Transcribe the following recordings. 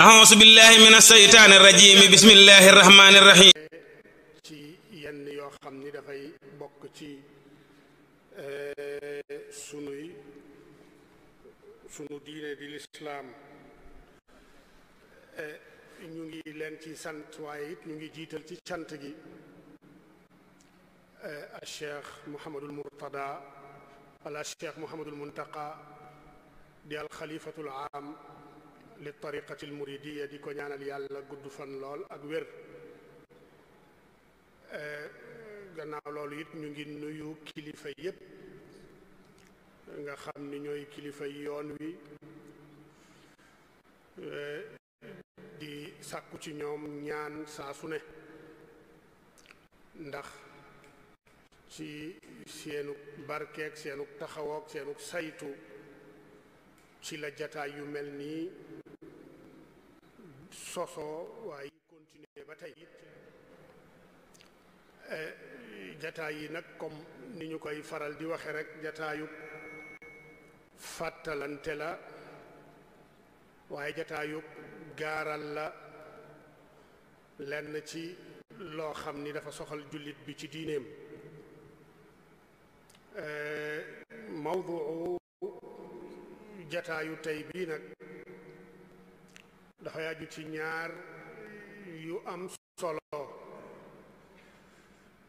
auzu billahi min asaytaani rajim bismillahi rahmaani rahim ci yenn yoo xam ni dafay bokk ci eh, sunuy sunu diine di lislaam eh, ñu ngi leen ci sant waaye ñu ngi jiital ci cant gi eh, a cheikh mohamadul murtada wala cheikh mohamadul muntaqa di alxalifatul aam li tariqati al muridiya di ko ñaanal yàlla gudd fan lool ak wér eh, gannaaw loolu it ñu ngi nuyu kilifa yépp nga xam ni ñooy kilifa yoon wi eh, di sàkku ci ñoom ñaan saa su ne ndax ci seenu barkeeg seenu taxawoog seenu saytu ci la jataay yu mel nii sosoo waaye ñu continuer ba tey eh, jataay yi nag comme ni ñu koy faral di waxe rek jataayu fàttalante la waaye jataayu gaaral la lenn ci loo xam ni dafa soxal jullit bi ci diineem eh, mawduu jataayu tey bii nag dafa yaaju ci ñaar yu am solo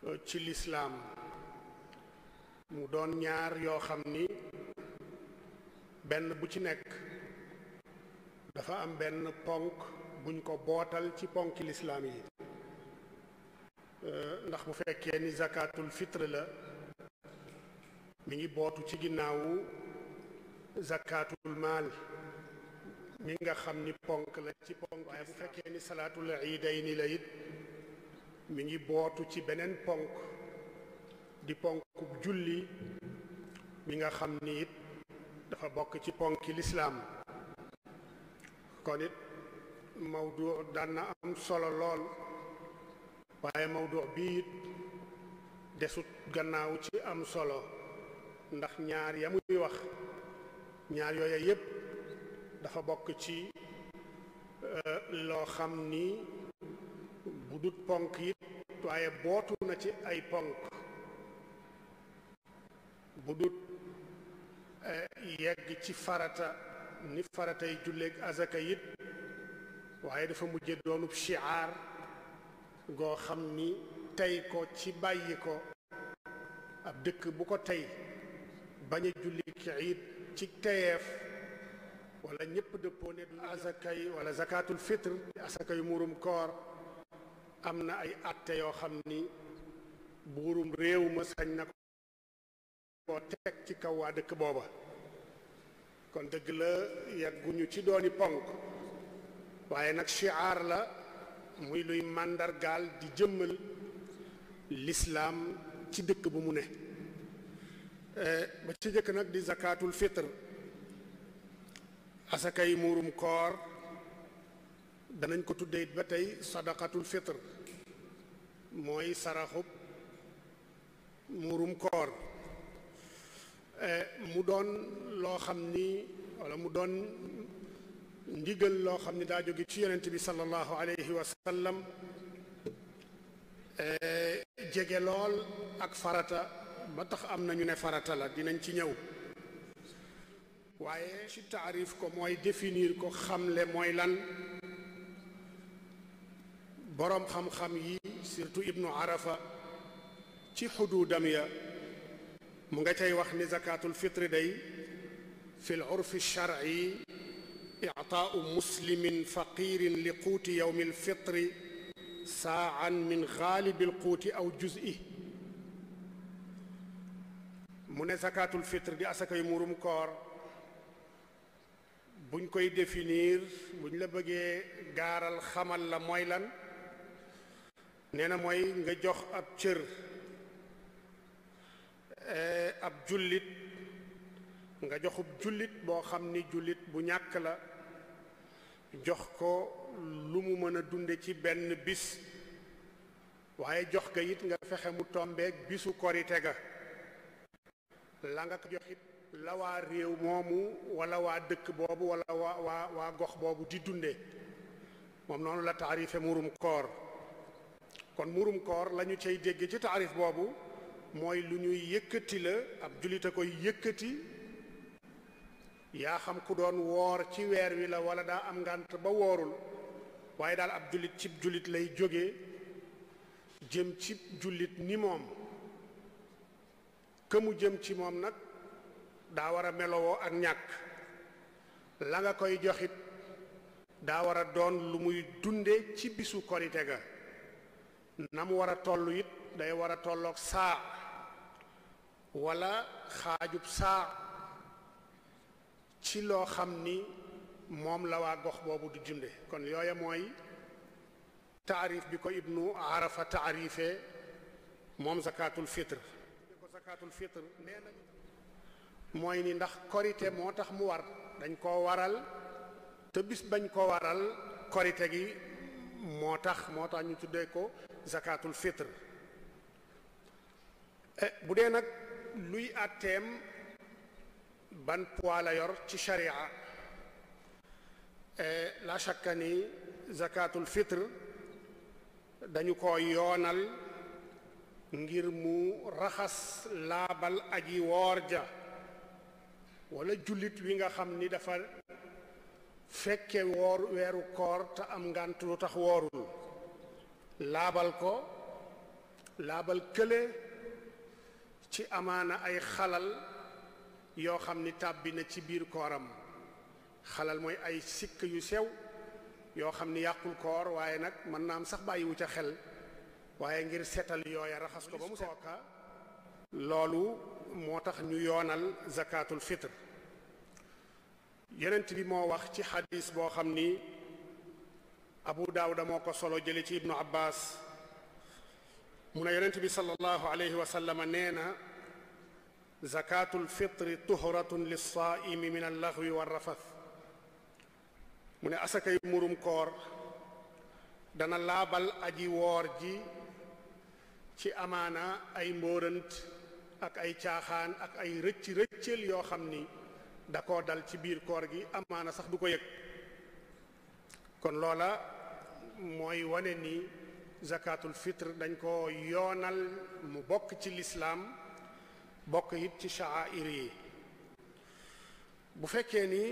euh, ci lislaam mu doon ñaar yoo xam ni benn bu ci nekk dafa am benn ponk buñ ko bootal ci ponki lislaam yi euh, ndax bu fekkee ni zakatul fitre la mi ngi bootu ci ginnaawu zakatul maal mi nga xam ni ponk la ci ponk waaye bu fekkee ni salaatul iidayni la it mi ngi bootu ci beneen ponk di ponkub julli mi nga xam ni it dafa bokk ci ponki lislaam kon it mawdu daan na am solo lool waaye mawdu bi it desut gannaaw ci am solo ndax ñaar ya muy wax ñaar yooya yépp dafa bokk ci euh, loo xam ni bu dut ponk yi waaye bootu na ci ay ponk bu dut euh, yegg ci farata ni faratay julleeg azaka yit waaye dafa mujje doonub shiaar goo xam ni tey ko ci bàyyi ko ab dëkk bu ko tey bañ a julli ci iit ci teyeef wala ñëpp dëppoo ne asakay wala zakatul fitre asakay muurum koor am na ay atte yoo xam ni buurum réew ma sañ na koo teg ci kaw waa dëkk booba kon dëgg la yàgguñu ci dooni ponk waaye nag chiaar la muy luy màndargaal di jëmmal lislaam ci dëkk bu mu ne eh, ba ci jëkk nag di zakatul fitre asakay muurum koor danañ ko tuddee ba tey sadaqatul fitr mooy saraxub muurum koor eh, mu doon loo xam ni wala mu doon ndigal loo xam ni daa jóge ci yonent bi sallallahu alayhi wa sallam eh, jege lool ak farata ba tax am na ñu ne farata la dinañ ci ñëw waaye ci taarif ko mooy définir ko xamle mooy lan boroom xam-xam yi surtout ibnu arafa ci xuduudam ya mu nga cay wax ni zakatul fitri day fi l urfi sharci ictaau muslimin faqirin li quuti yowmi lfitri saaan min xaalibi lquuti aw juzi mu ne zakatul fitri di asakay murum koor buñ koy définir buñ la bëggee gaaral xamal la mooy lan nee na mooy nga jox ab cër eh, ab jullit nga joxub jullit boo xam ni jullit bu ñàkk la jox ko lu mu mën a dunde ci benn bis waaye jox ga it nga fexe mu tombeeg bisu korite ga la nga ko jox la waa réew moomu wala waa dëkk boobu wala waa waa waa gox boobu di dunde moom noonu la taarife murum koor kon murum koor lañu ñu cay dégg ci taarif boobu mooy lu ñuy yëkkati la ab jullit a koy yëkkati yaa xam ku doon woor ci weer wi la wala daa am ngànt ba woorul waaye daal ab jullit cib jullit lay jóge jëm cib jullit ni moom këmu jëm ci moom nag daa war a melowoo ak ñàkk la nga koy joxit daa war a doon lu muy dunde ci bisu korite ga na mu war a toll it day war a tolloog saa wala xaajub saa ci loo xam ni moom la waa gox boobu di dunde kon yooya mooy taarif bi ko ibnu arafa taarife moom zakatul fitre ko mooy ni ndax korite moo tax mu war dañ koo waral te bañ koo waral korite gi moo tax moo tax ñu tuddee ko zakatul fitr eh, bu dee nag luy àtteem ban poids la yor ci sharia eh, la shakka ni zakatul fitr dañu ko yoonal ngir mu raxas laabal aji woor ja walla jullit wi nga xam ni dafa fekke woor weeru koor te am ngànt lu tax woorul laabal ko laabal kële ci amaana ay xalal yoo xam ni tàbbi na ci biir kooram xalal mooy ay sikk yu sew yoo xam ni yàqul koor waaye nag mën naa am sax bàyyiwu ca xel waaye ngir setal yooya raxas ko ba mu set kooka loolu moo tax ñu yoonal zakatul fitr yonent bi moo wax ci xadis boo xam ni abu daawuda moo ko solo jële ci ibnu abbas mu ne yonent bi sallallahu alayhi wa sallama nee na zakatul fitri tuhratun lilsaaimi min allaxwi wa rafath mu ne asakay murum koor dana laabal aji woor ji ci amaana ay mbóorant ak ay caaxaan ak ay rëcc rëccël yoo xam ni da koo dal ci biir koor gi amaana sax du ko yëg kon loola mooy wane ni zakatul fitre dañ ko yoonal mu bokk ci lislaam bokk it ci sha'air yi bu fekkee ni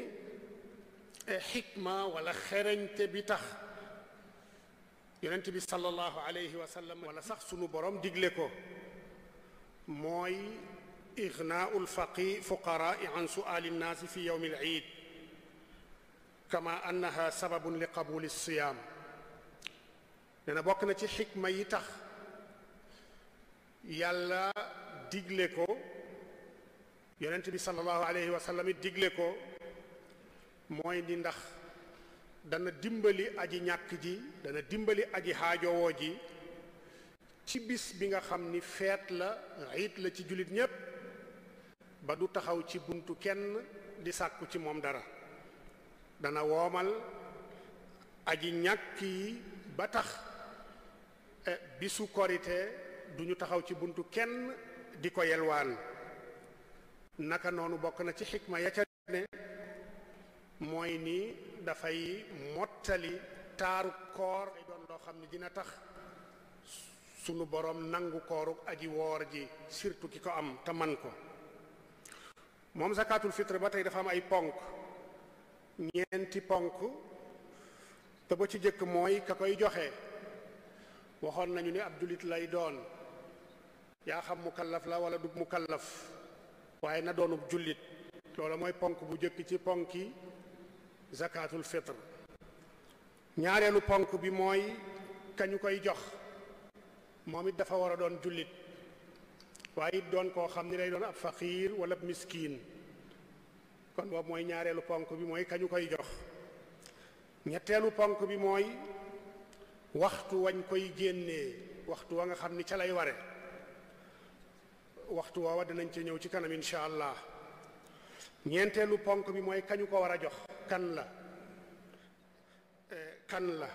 e, xikma wala xereñte bi tax yonent bi sallallahu alayhi wa sallam wala sax sunu borom digle ko mooy ignaau lfaqi fuqaraai an suaali nnaasi fi yowmi alciid kama annaha sababun li qabuli siyaam nee bokk na ci xikma yi tax yàlla digle ko yonent bi sallallahu alayhi wa sallam digle ko mooy ni ndax dana dimbali aji ñàkk ji dana dimbali aji xaajowoo ji ci bis bi nga xam ni feet la iit la ci jullit ñépp ba du taxaw ci buntu kenn di sàkku ci moom dara dana woomal aji ñàkk yi ba tax e, bisu korite du ñu taxaw ci buntu kenn di ko yelwaan naka noonu bokk na ci xikma ya ca ne mooy ni dafay mottali taaru koor ay doon loo xam ne dina tax sunu borom nangu kooruk aji woor ji surtout ki ko am te man ko moom zakatul fitre ba tey dafa am ay ponk ñeenti ponk te ba ci jëkk mooy ka koy joxe waxoon nañu ne ab jullit lay doon yaa xam mu kallaf la wala du mu kallaf waaye na doonub jullit loola mooy ponk bu jëkk ci ponki zakatul fitre ñaareelu ponk bi mooy kañu koy jox moom it dafa war a doon jullit waaye it doon koo xam ni day doon ab faqiir wala ab miskiin kon boobu mooy ñaareelu ponk bi mooy kañu koy jox ñetteelu ponk bi mooy waxtu wañ koy génnee waxtu wa nga xam ni ca lay ware waxtu woowa dinañ ci ñëw ci kanam allah ñeenteelu ponk bi mooy kañu ko war a jox kan la eh, kan la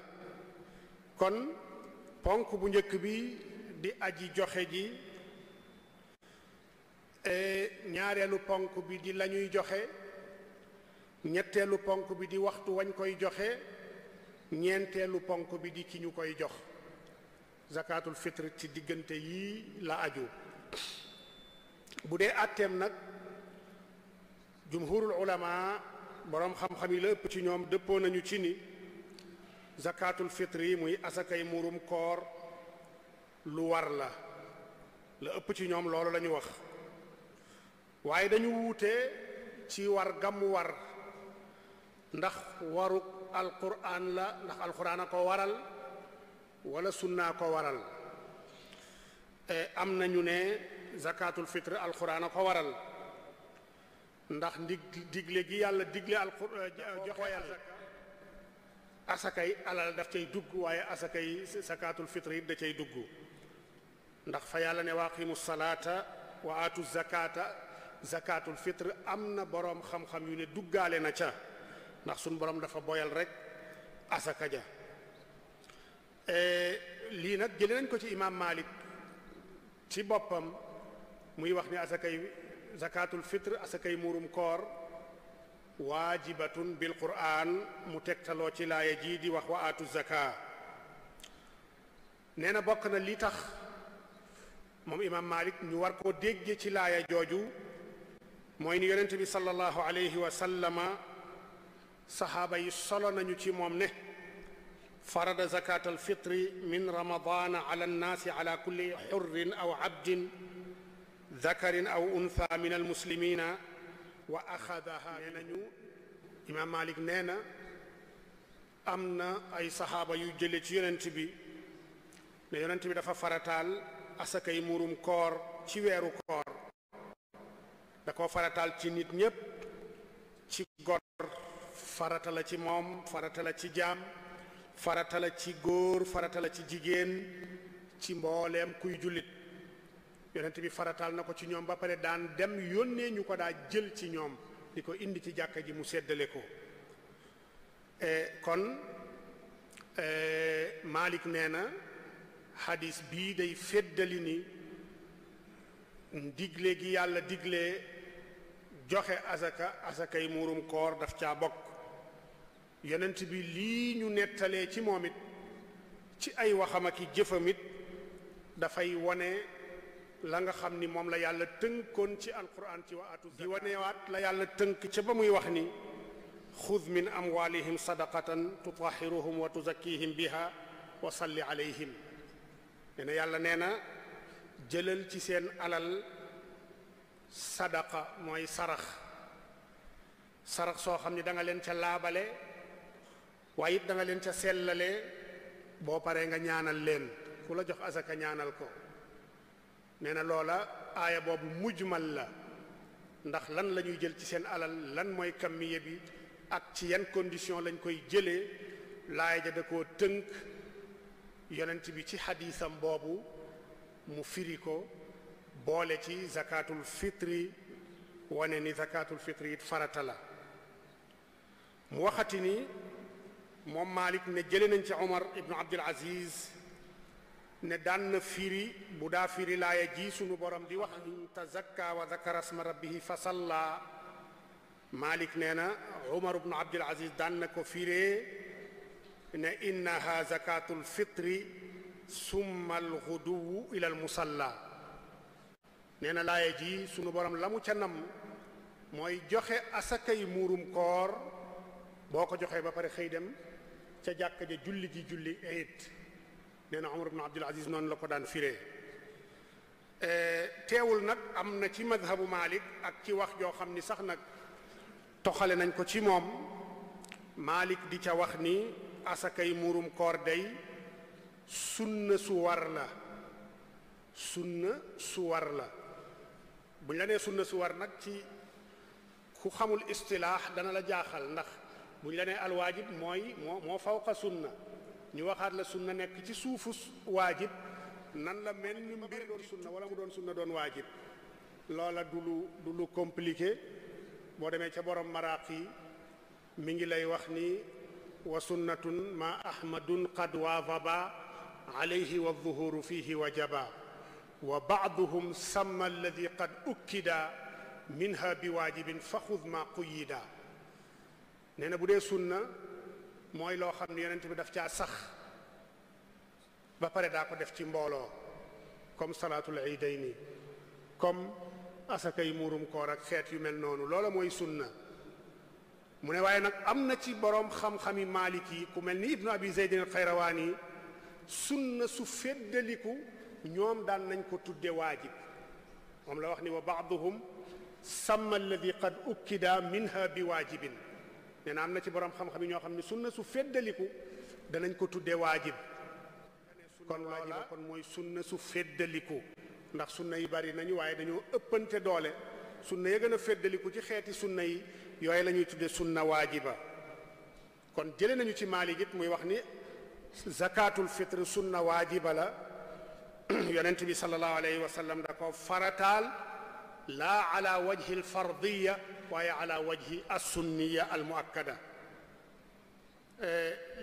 kon ponk bu njëkk bi di aji joxe ji e ñaareelu ponk bi di lañuy joxe ñetteelu ponk bi di waxtu wañ koy joxe ñeenteelu ponk bi di ki ñu koy jox zakatul fitr ci diggante yii la aju bu dee àtteem nag jumhurul ulama boroom xam-xam yi la ëpp ci ñoom dëppoo nañu ci ni zakatul fitri yi muy asakay muurum koor lu war la la ëpp ci ñoom loolu la wax waaye dañu wuute ci war gam war ndax waru alquran la ndax alquran a ko waral wala sunnaa ko waral e, am nañu ne zakatul fitre alxuraan a ko waral ndax ndig digle gi yàlla digle alqur e, joxe asakay alal daf cay dugg waaye asakay sakaatul yit da cay dugg ndax fa yàlla ne waaqimu salaata wa aatu zakata zakaatul fitre am na boroom xam-xam yu ne duggaale na ca ndax suñ boroom dafa boyal rek asaka ja e, lii nag jële nañ ko ci imaam Malik ci boppam muy wax ni asakay zakaatul fitre asakay muurum koor waajibatun bil quraan mu tegtaloo ci laaya jii di wax wa aatu zaka nee na bokk na li tax moom imaam malik ñu war koo dégge ci laaya jooju mooy ni yonent bi sallallahu alayhi wa sallama solo nañu ci moom ne farada zakat al fitri min ramadana ala annaasi ala kulli xurrin aw abdin dakarin aw untha min almuslimina wa axadaha nee nañu imaam Malik nee na am na ay saxaaba yu jële ci yonent bi ne yonent bi dafa farataal asakay murum koor ci weeru koor da farataal ci nit ñépp ci gor farata la ci moom farata la ci jaam farata ci góor farata ci jigéen ci mbooleem kuy jullit yonent bi farataal na ko ci ñoom ba pare daan dem yónnee ñu ko daa jël ci ñoom di ko indi ci jàkka ji mu seddale ko e, kon e, Malik nee na xadis bii day feddali ni digle gi yàlla digle joxe asaka asakay muurum koor daf caa bokk yonent bi lii ñu nettalee ci moom it ci ay waxamaki ak jëfam it dafay wone la nga xam ni moom la yàlla tënkoon ci alquran ci waatu di wanewaat la yàlla tënk ca ba muy wax ni xud min amwalihim sadaqatan tutahiruhum wa tuzakkihim biha wa salli alayhim nee na yàlla nee na jëlal ci seen alal sadaqa mooy sarax sarax soo xam ni danga leen ca laabale waaye it da leen ca sellale boo paree nga ñaanal leen ku la jox asaka ñaanal ko nee na loola aaya boobu mujj mujmal la ndax lan la ñuy jël ci seen alal lan mooy kammiye bi ak ci yan condition lañ koy jëlee laaya ja da koo tënk yonent bi ci xadiisam boobu mu firi ko boole ci zakatul fitri wane ni zakatul fitri it farata la mu waxati ni moom Malik ne jële nañ ci Omar ibnu Abdul Aziz ne daan na firi bu daa firi laaya ji suñu borom di wax in tazakka wa zakara sma rabbihi fa salla malik nee na umar ibnu abdul aziz daan na ko firee ne innaha zakatul fitri summa alxuduwu ila al musalla nee na laaya ji suñu borom lamu ca nam mooy joxe asakay muurum koor boo ko joxee ba pare xëy dem ca jàkk ja julli ji julli eet nee na Omar Abdul Aziz noonu la ko daan firee eh, teewul nag am na ci madhabu maalik ak ci wax joo xam ni sax nag toxale nañ ko ci moom Malik di ca wax ni asakay muurum koor day sunna su war la sunna su war la buñ la nee sunna su war nag ci ku xamul istilaax dana la jaaxal ndax buñ la nee alwaajib mooy moo moo fawqa sunna ñu waxaat la sunna nekk ci suufu waajib nan la mel ni mbir doon sunna wala mu doon sunna doon waajib loola du lu du boo demee ca borom maraaq yi mi ngi lay wax ni wa sunnatun ma ahmadun qad waafaba alayhi wa dhuhuru fihi wajaba wa baaduhum samma alladi qad ukkida minha bi waajibin fa xud ma quyida nee na bu dee sunna mooy loo xam ne yonent bi daf caa sax ba pare daa ko def ci mbooloo comme salaatul iidayni comme asaka yi muurum koor ak xeet yu mel noonu loola mooy sunna mu ne waaye nag am na ci boroom xam-xami maalik yi ku mel ni ibnu abi zeydin alxayrawaan yi sunna su feddaliku ñoom daan nañ ko tudde waajib moom la wax ni wa baaduhum sama alladi qad ukkida minha bi waajibin nee na am na ci borom xam-xam yi ñoo xam ne sunna su feddaliku danañ ko tudde waajib kon loola kon mooy sunna su feddaliku ndax sunna yi bari nañu waaye dañoo ëppante doole sunna ya gën a feddaliku ci xeeti sunna yi yooyu la ñuy tudde sunna waajiba kon jële nañu ci Maalik it muy wax ni zakatul fitr sunna waajiba la yonent bi sallallahu alayhi wa sallam da ko farataal laa ala wajhi alfardiya waaye ala wajhi alsunniya almuakkada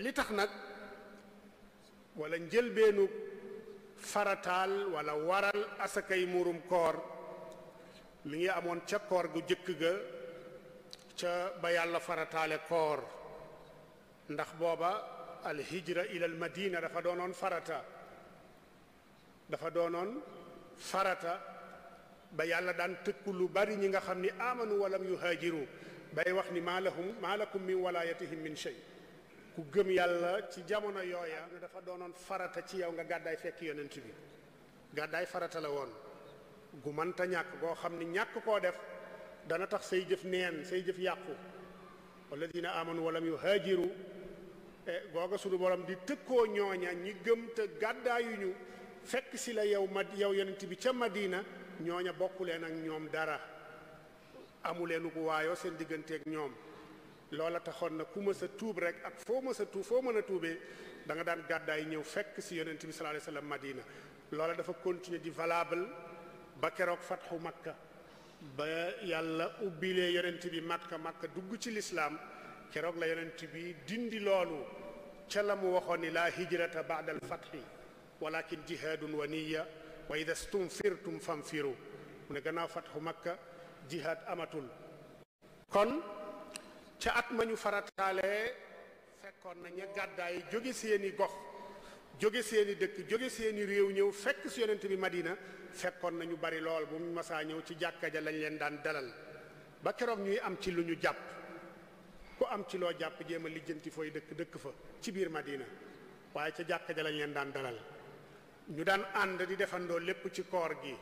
li tax nag wala njëlbeenu farataal walla waral asakay muurum koor mi ngi amoon ca koor gu jëkk ga ca ba yàlla farataale koor ndax booba alhijra ila almadina dafa doonoon farata dafa farata ba yàlla daan tëkku lu bari ñi nga xam ni amanu yu yuhaajiru bay wax ni maa lahum maa lakum min walaayatihim min shay ku gëm yàlla ci jamono yooya na dafa doonoon farata ci yow nga gàddaay fekk yonent bi gàddaay farata la woon gu ñàkk goo xam ni ñàkk koo def dana tax say jëf neen say jëf yàqu walladina amanu walam yuhaajiru e, googa sunu borom di tëkkoo ñooña ñi gëm te gàddaayuñu fekk si la yow ma yow yonent bi ca Madina ñooña bokku leen ak ñoom dara amuleen gu waayoo seen digganteeg ñoom loola taxoon na ku mësa a tuub rek ak foo mës tuub foo mën a tuubee da nga daan gàddaay ñëw fekk si yonent bi sallallahu alayhi wasallam Madina loola dafa continuer di valable ba keroog fatxu Makka ba yàlla ubbilee yonent bi Makka Makka dugg ci lislaam keroog la yonent bi dindi loolu ca la mu waxoon ni laa hijrata ba'da al-fathi walakin jihaadun wa niyya des wa ida stumfirtum famfiru mu ne gannaaw fat fatxu makka jihaad amatul kon ca at ma ñu farataalee fekkoon na ña gàddaay jóge seeni gox jóge seeni dëkk jóge seeni réew ñëw fekk si yonent bi madina fekkoon na ñu bari lool bu mu masaa ñëw ci jàkka ja lañ leen daan dalal ba keroog ñuy am ci lu ñu jàpp ku am ci loo jàpp jéem lijjanti fooy dëkk dëkk fa ci biir madina waaye ca jàkka ja lañ leen daan dalal ñu daan ànd di defandoo lépp ci koor gi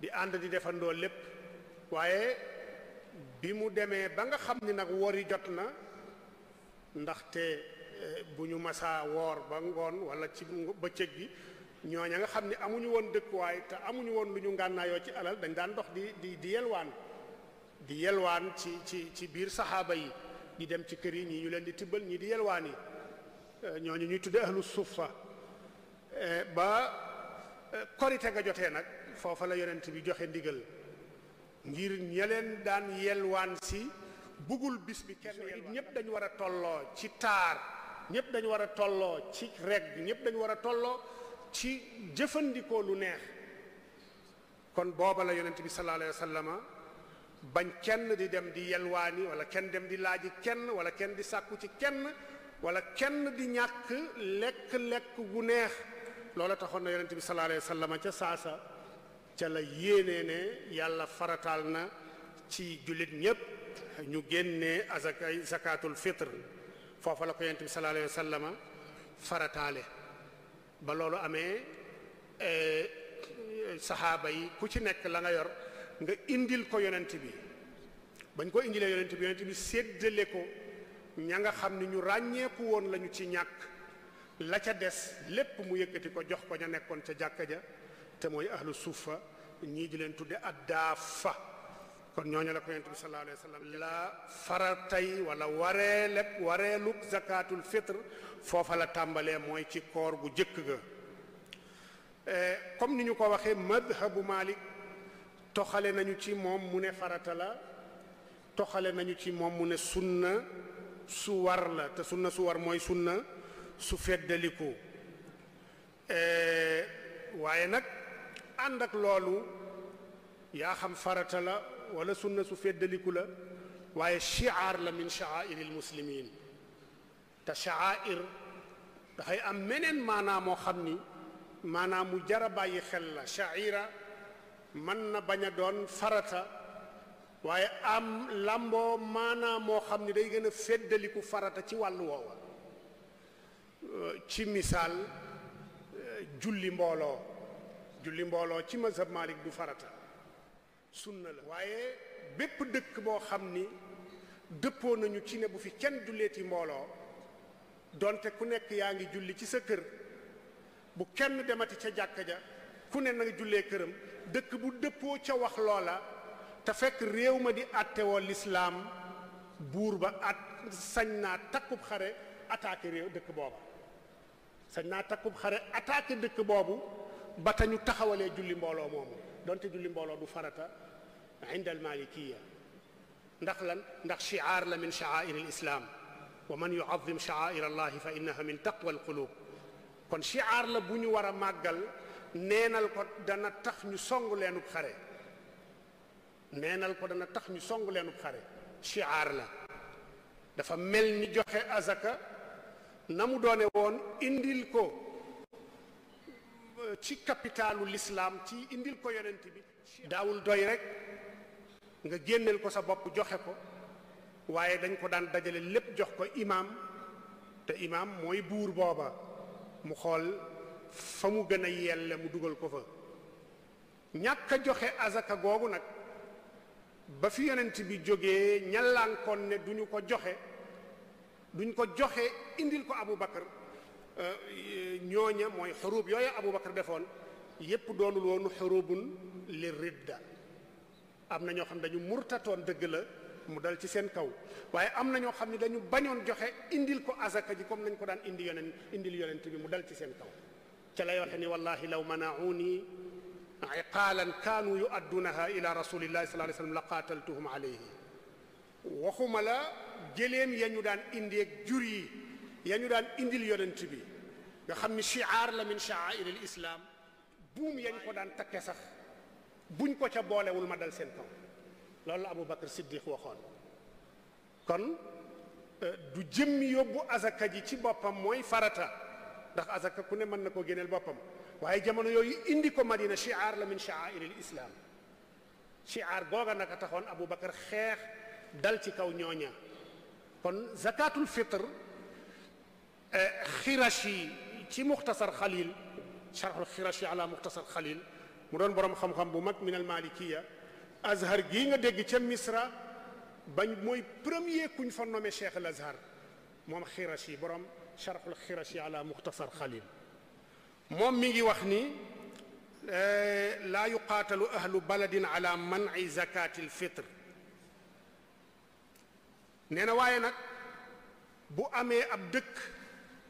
di ànd di defandoo lépp waaye bi mu demee ba nga xam ni nag woor wori jot na ndaxte eh, bu ñu masaa woor ba ngoon wala ci ba bëccëg bi ña nga xam ni amuñu woon dëkkuwaay te amuñu woon lu ñu ngànnaayoo ci alal dañ daan ndox di di di yelwaan di yelwaan ci ci ci biir saxaaba yi di dem ci kër yi ñii ñu leen di tibbal ñii di yelwaan yi eh, ñu ñuy tudde ahlu suffa Eh, ba eh, korite ga jotee nag foofa la yonent bi joxe ndigal ngir ña leen daan yelwaan si bugul bis bi kenn yelwaan ñëpp dañu war a tolloo ci taar ñëpp dañu war a tolloo ci regg ñëpp dañu war a tolloo ci jëfandikoo lu neex kon booba la yonent bi sallallahu alayhi wa bañ kenn di dem di yelwaani wala kenn dem di laaj kenn wala kenn di sàkku ci kenn wala kenn di ñàkk lekk-lekk gu neex loola taxoon na yonent bi sallallahu alayhi wasallam ca saasa ca la yéenee ne yàlla farataal na ci jullit ñépp ñu génne azakay zakatul fitr foofa la ko yonent bi sallallahu alayhi farataale ba loolu amee e, saxaaba yi ku ci nekk la nga yor nga indil ko yonent bi bañ ko indilee yonent bi yonent bi séddale ko ña nga xam ni ñu ràññeeku woon lañu ci ñàkk la ca des lépp mu yëkkati ko jox ko ña nekkoon ca jàkka ja te mooy ahlu fa ñii di leen tudde addaafa kon ñooñu la ko yonent bi sallallahu alayhi wa sallam la faratay wala waree lépp wareeluk fitr foofa la tàmbalee mooy ci koor gu jëkk ga e, comme ni ñu ko waxee madhabu malik toxale nañu ci moom mu ne farata la toxale nañu ci moom mu ne sunna su war la te sunna su war mooy sunna su feddalikoo e, waaye nag ànd ak loolu yaa xam farata la wala sunna su feddaliku la waaye chiaar la min chaairi l muslimin te chaair dafay am meneen maanaa moo xam ni maanaa mu jara bàyyi xel la chaira man na bañ a doon farata waaye am làmboo maanaa moo xam ni day gën a feddaliku farata ci wàllu woowa Euh, ci misaal euh, julli mbooloo julli mbooloo ci mazhab Malik du farata sunna la waaye bépp dëkk boo xam ni dëppoo nañu ci ne bu fi kenn julleeti mbooloo doonte ku nekk yaa ngi julli ci sa kër bu kenn demati ca jàkka ja ku ne na nga jullee këram dëkk bu dëppoo ca wax loola te fekk réew ma di àttewoo lislaam buur ba at sañ naa takkub xare attaqué réew dëkk booba sañ naa takkub xare attaqué dëkk boobu ba te ñu taxawalee julli mbooloo moomu donte julli mbooloo du farata inda al malikiya ndax lan ndax chiaar la min chaair al islam wa man yuazim chaair allahi fa innaha min taqwa al qulub kon chiaar la bu ñu war a màggal neenal ko dana tax ñu song leenub xare neenal ko dana tax ñu song leenub xare chiaar la dafa mel ni joxe azaka na mu doone woon indil ko euh, ci kapitaalu lislaam ci indil ko yonent bi daawul doy rek nga génneel ko sa bopp joxe ko waaye dañ ko daan dajale lépp jox ko imaam te imaam mooy buur booba mu xool fa mu gën a yelle mu dugal ko fa ñàkk joxe azaka googu nag ba fi yonent bi jóge ñàllankoon ne duñu ko joxe duñ ko joxe indil ko Abu Bakar euh, ñooña mooy xurub yooyu Abu Bakar defoon yépp doonul woonu xurubun li ridda am na ñoo xam ne dañu murtatoon dëgg la mu dal ci seen kaw waaye am na ñoo xam ne dañu bañoon joxe indil ko azaka ji comme nañ ko daan indi yonent indil yonent bi mu dal ci seen kaw ca lay waxe ni wallahi law manauni iqaalan kaanu yuaddunaha ila rasulillahi sallallahu alayhi wa sallam la qaataltuhum alayhi waxuma la jëléem ya ñu daan indeeg jur yi ya ñu daan indil yonent bi nga xam ni chiaar la min chaair al buum yañ ko daan takke sax buñ ko ca boolewul ma dal seen kaw loolu la Aboubacar Siddiq waxoon kon euh, du jëmm yóbbu azaka ji ci boppam mooy farata ndax azaka ku ne mën na koo génneel boppam waaye jamono yooyu indi ko Madina chiaar la min chaair al islam chiaar googa naka taxoon Aboubacar xeex dal ci kaw ñooña kon zakatul fitr eh, xirashi ci muxtasar xalil charxul xirashi ala muxtasar xalil mu doon boroom xam-xam bu mag min al malikiya azhar gii nga dégg ca misra bañ mooy premier kuñ fa nommé cheikh al azhar moom xirashi borom charxul xirashi ala muxtasar moom mi ngi wax ni eh, laa yuqaatalu ahlu baladin ala manci zakati al fitr nee na waaye nag bu amee ab dëkk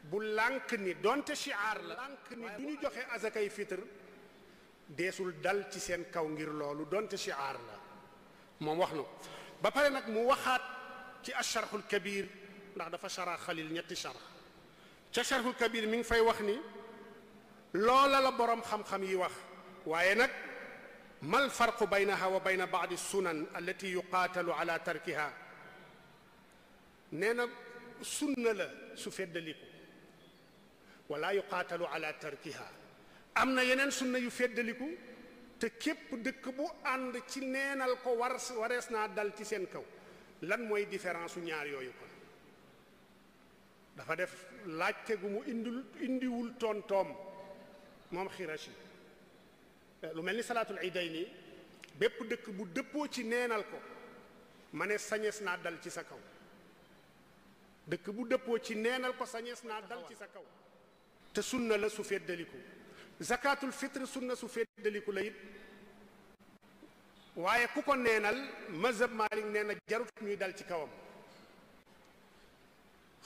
bu lànk ni donte chiaar la lànk du ñu joxe azakay fitr deesul dal ci seen kaw ngir loolu donte chiaar la moom wax na ba pare nag mu waxaat ci asharxul kabir ndax dafa shara xalil ñetti shara ca sharxul kabir mi ngi fay wax ni loola la boroom xam-xam yi wax waaye nag mal farqu baynaha wa bayna baadi sunan allati yuqaatalu ala tarkiha nee na sunna la su feddaliku wala yuqaatalu ala tarkiha am na yeneen sunna yu feddaliku te képp dëkk bu ànd ci neenal ko warees naa dal ci seen kaw lan mooy différence su ñaar yooyu kon dafa def laajte gu mu indul indiwul tontoom moom xirashi eh, lu mel ni salaatul idayni bépp dëkk bu dëppoo ci neenal ko ma ne sañees naa dal ci sa kaw dëkk bu dëppoo ci neenal ko sañees naa dal ci sa kaw te sunna la su feddaliku zakatul fitre sunna su feddaliku la it waaye ku ko neenal mazhab Maalik nee na jarut ñuy dal ci kawam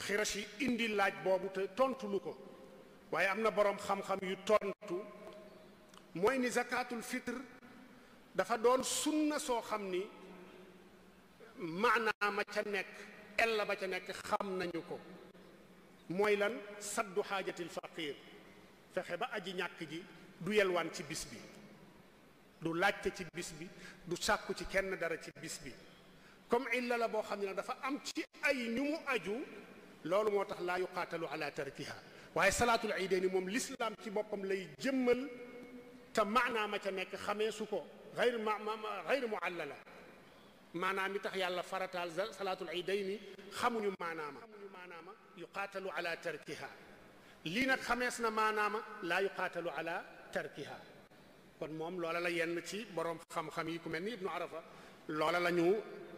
xirash yi indi laaj boobu te tontu lu ko waaye am na boroom xam-xam yu tontu mooy ni zakatul fitr dafa doon sunna soo xam ni maanaam a ca nekk ella ba ca nekk xam nañu ko mooy lan saddu xaajatil faqir fexe ba aji ñàkk ji du yelwaan ci bis bi du laajte ci bis bi du sàkku ci kenn dara ci bis bi comme illa la boo xam ne dafa am ci ay ñu mu aju loolu moo tax laa yuqaatalu ala tarkiha waaye salaatul iidayni moom lislaam ci boppam lay jëmmal te maanaa ma ca nekk xamee su ko xayr ma xayr muallala maanaam mi tax yàlla farataal salaatul iidayni xamuñu maanaama maanaama yuqaatalu ala tarkiha lii nag xamees na maanaama laa yuqaatalu ala tarkiha kon moom loola la yenn ci boroom xam-xam yi ku mel ni ibnu arafa loola la ñu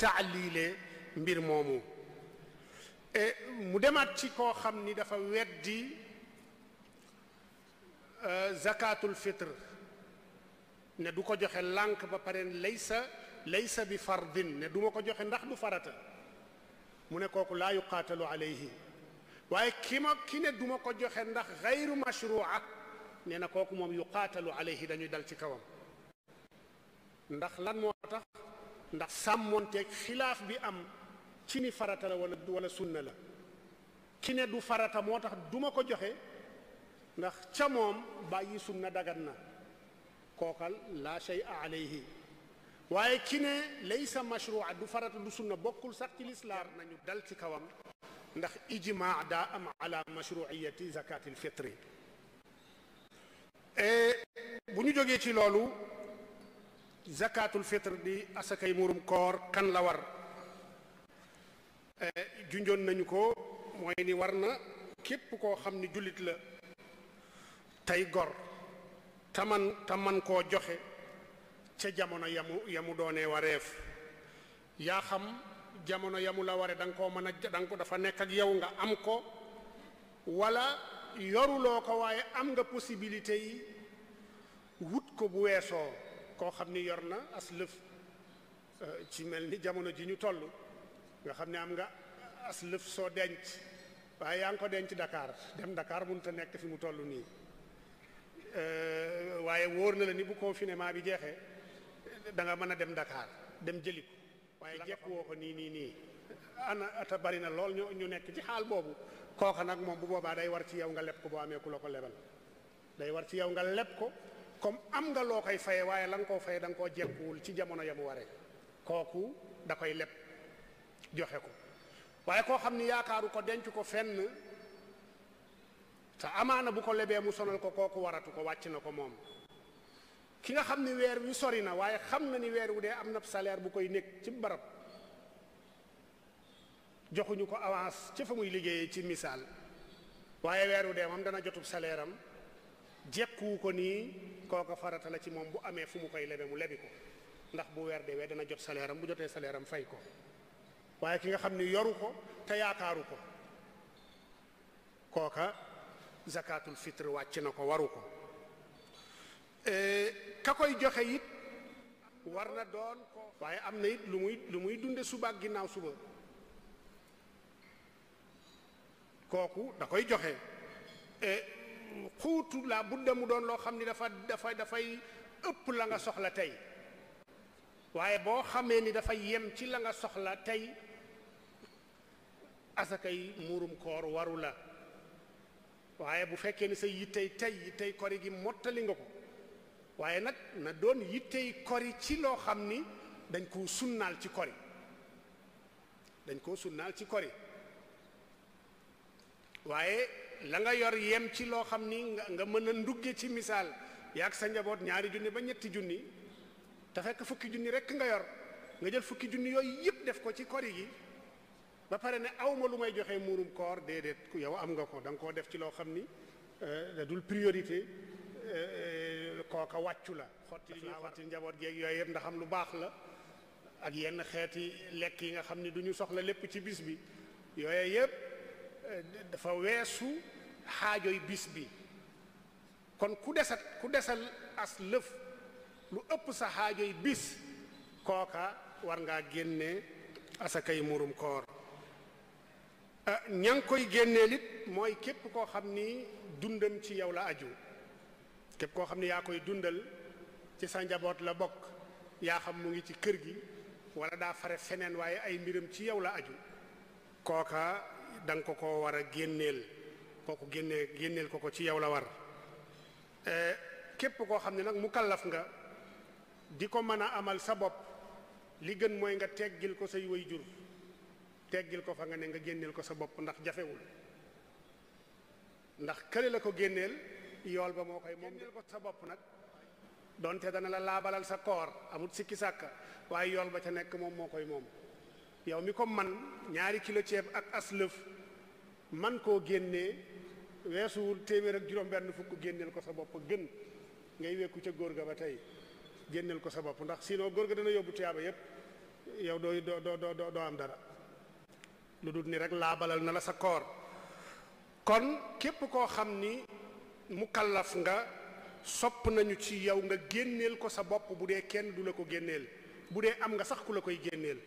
taalilee mbir moomu e, mu demaat ci koo xam ni dafa weddi e, zakatul fitre ne du ko joxe lànk ba pare laysa laysa bi fardin ne duma ko joxe ndax du farata mu ne kooku laa yuqaatalu alayhi waaye ki ma ki ne duma ko joxe ndax gayru mashrua nee na kooku moom yuqaatalu alayhi dañuy dal ci kawam ndax lan moo tax ndax sàmmoonteeg xilaaf bi am ci ni farata la wala sunna la ki ne du farata moo tax duma ko joxe ndax ca moom bàyyi sunna dagan na kookal laa shay alayhi waaye ki ne laysa mashrua du farata du sunna bokkul sax ci lislaam nañu dal ci kawam ndax ijmaa daa am ala mashruiyati zakatil fitri e, bu ñu jógee ci loolu zakatul fitr di asakay murum koor kan la war e, junjoon nañu ko mooy ni war na képp koo xam ni jullit la tey gor taman taman koo joxe ca jamono yamu yamu doonee wareef yaa xam jamono yamu la ware danga koo mën a da ko dafa nekk ak yow nga am ko wala yoruloo ko waaye am nga possibilité yi wut ko bu weesoo koo xam ni yor na as lëf euh, ci mel ni jamono ji ñu toll nga xam ne am nga as lëf soo denc waaye yaa ngi ko denc dakaar dem Dakar mënut a nekk fi mu toll nii euh, waaye woor na la ni bu confinement bi jeexee da nga mën a dem dakaar dem jëli ko waaye jekk woo ko nii nii nii ana ata bari na lool ñu ñu nekk ci xaal boobu kooka nag moom bu boobaa day war ci yow nga leb ko boo amee ko lebal day war ci yow nga leb ko comme am nga loo koy faye waaye la nga koo faye da nga koo jekkuwul ci jamono ya mu waree kooku dakoy leb joxe ko waaye koo xam ni yaakaaru ko denc ko fenn te amaana bu ko lebee mu sonal ko kooku waratu ko wàcc na ko moom ki nga xam ni weer wi sori na waaye xam na ni weer wu dee am na salaire bu koy nekk ci barab joxuñu ko avance ci fa muy liggéeyee ci misaal waaye weer wu dee moom dana jotub saleeram am jekkuwu ko nii kooka farata ci moom bu amee fu mu koy lebe mu lebi ko ndax bu weer deewee dana jot saleeram bu jotee salaire am fay ko waaye ki nga xam ni yoru ko te yaakaaru ko kooka zakatul fitre wàcc na ko waru ko eh, ka koy joxe it war na doon waaye am na it lu muy lu muy dunde suba ginnaaw suba kooku da koy joxe e, xuutu la budda mu doon loo xam ni dafa dafa dafay ëpp la nga soxla tey waaye boo xamee ni dafa yem ci la nga soxla tey asakay muurum koor waru la waaye bu fekkee ni sa yittey tey yittey kori gi mottali nga ko waaye nag na doon yittey kori ci loo xam ni dañ koo sunnaal ci kori dañ koo sunnaal ci kori waaye la nga yor yem ci loo xam ni nga mën a ndugge ci misaal yaag sa njaboot ñaari junni ba ñetti junni te fekk fukki junni rekk nga yor nga jël fukki junni yooyu yëpp def ko ci kori gi ba pare ne awma lu may joxe muurum koor déedéet yow am nga ko danga koo def ci loo xam ni euh, da dul priorité euh, kooka wàccu la xotti li ñuy njaboot geeg yooyu yëpp ndax lu baax la ak yenn xeeti lekk yi nga xam ne du soxla lépp ci bis bi yooyu yëpp eh, dafa weesu xaajoy bis bi kon ku desat ku desal as lëf lu ëpp sa xaajoy bis kooka war ngaa génne asakay murum koor eh, ña ngi koy génneel it mooy képp koo xam ni dundam ci yow la aju képp koo xam ne yaa koy dundal ci sa njaboot la bokk yaa xam mu ngi ci kër gi wala daa fare feneen waaye ay mbiram ci yow la aju kooka danga ko ko war a génneel kooku génne génneel ko ko ci yow la war eh, képp koo xam ne nag mu kallaf nga di ko mën a amal sa bopp li gën mooy nga teggil ko say way jur teggil ko fa nga ne nga génneel ko sa bopp ndax jafewul ndax kële la ko génneel yool ba moo koy moom ko sa bopp nag donte dana la laabalal sa koor amul sikki sàkka waaye yool ba ca nekk moom moo koy moom yow mi ko man ñaari kilo ceeb ak aslëf man koo génnee weesuwul téeméer ak fukk génneel ko sa bopp gën ngay wekku ca góor ga ba tey génneel ko sa bopp ndax sinon góor ga dana yóbbu tuyaaba yépp yow doo doo doo doo am dara lu dul ni rek laabalal na la sa koor kon képp koo xam ni mukallaf nga sopp nañu ci yow nga génneel ko sa bopp bu dee kenn du la ko génneel bu dee am nga sax ku la koy génneel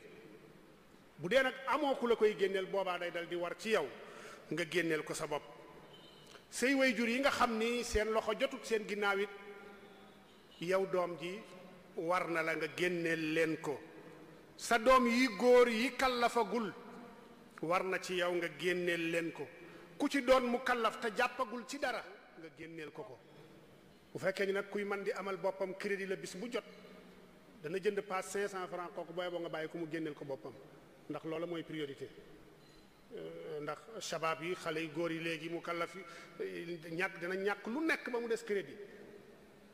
bu dee nag amoo ku la koy génneel boobaa day dal di war ci yow nga génneel ko sa bopp say jur yi nga xam ni seen loxo jotut seen ginnaaw it yow doom ji war na la nga génneel leen ko sa doom yi góor yi kallafagul war na ci yow nga génneel leen ko ku ci doon mu kallaf te jàppagul ci dara nga génneel ko ko bu fekkee ni nag kuy man di amal boppam crédit la bis bu jot dana jënd paas 500 francs kooku booy boo nga bàyyi ko mu génneel ko boppam ndax loolu mooy priorité euh, ndax shabaab yi xale yu góor yi léegi mu kàllaf yi euh, ñàkk dana ñàkk lu nekk ba mu des crédit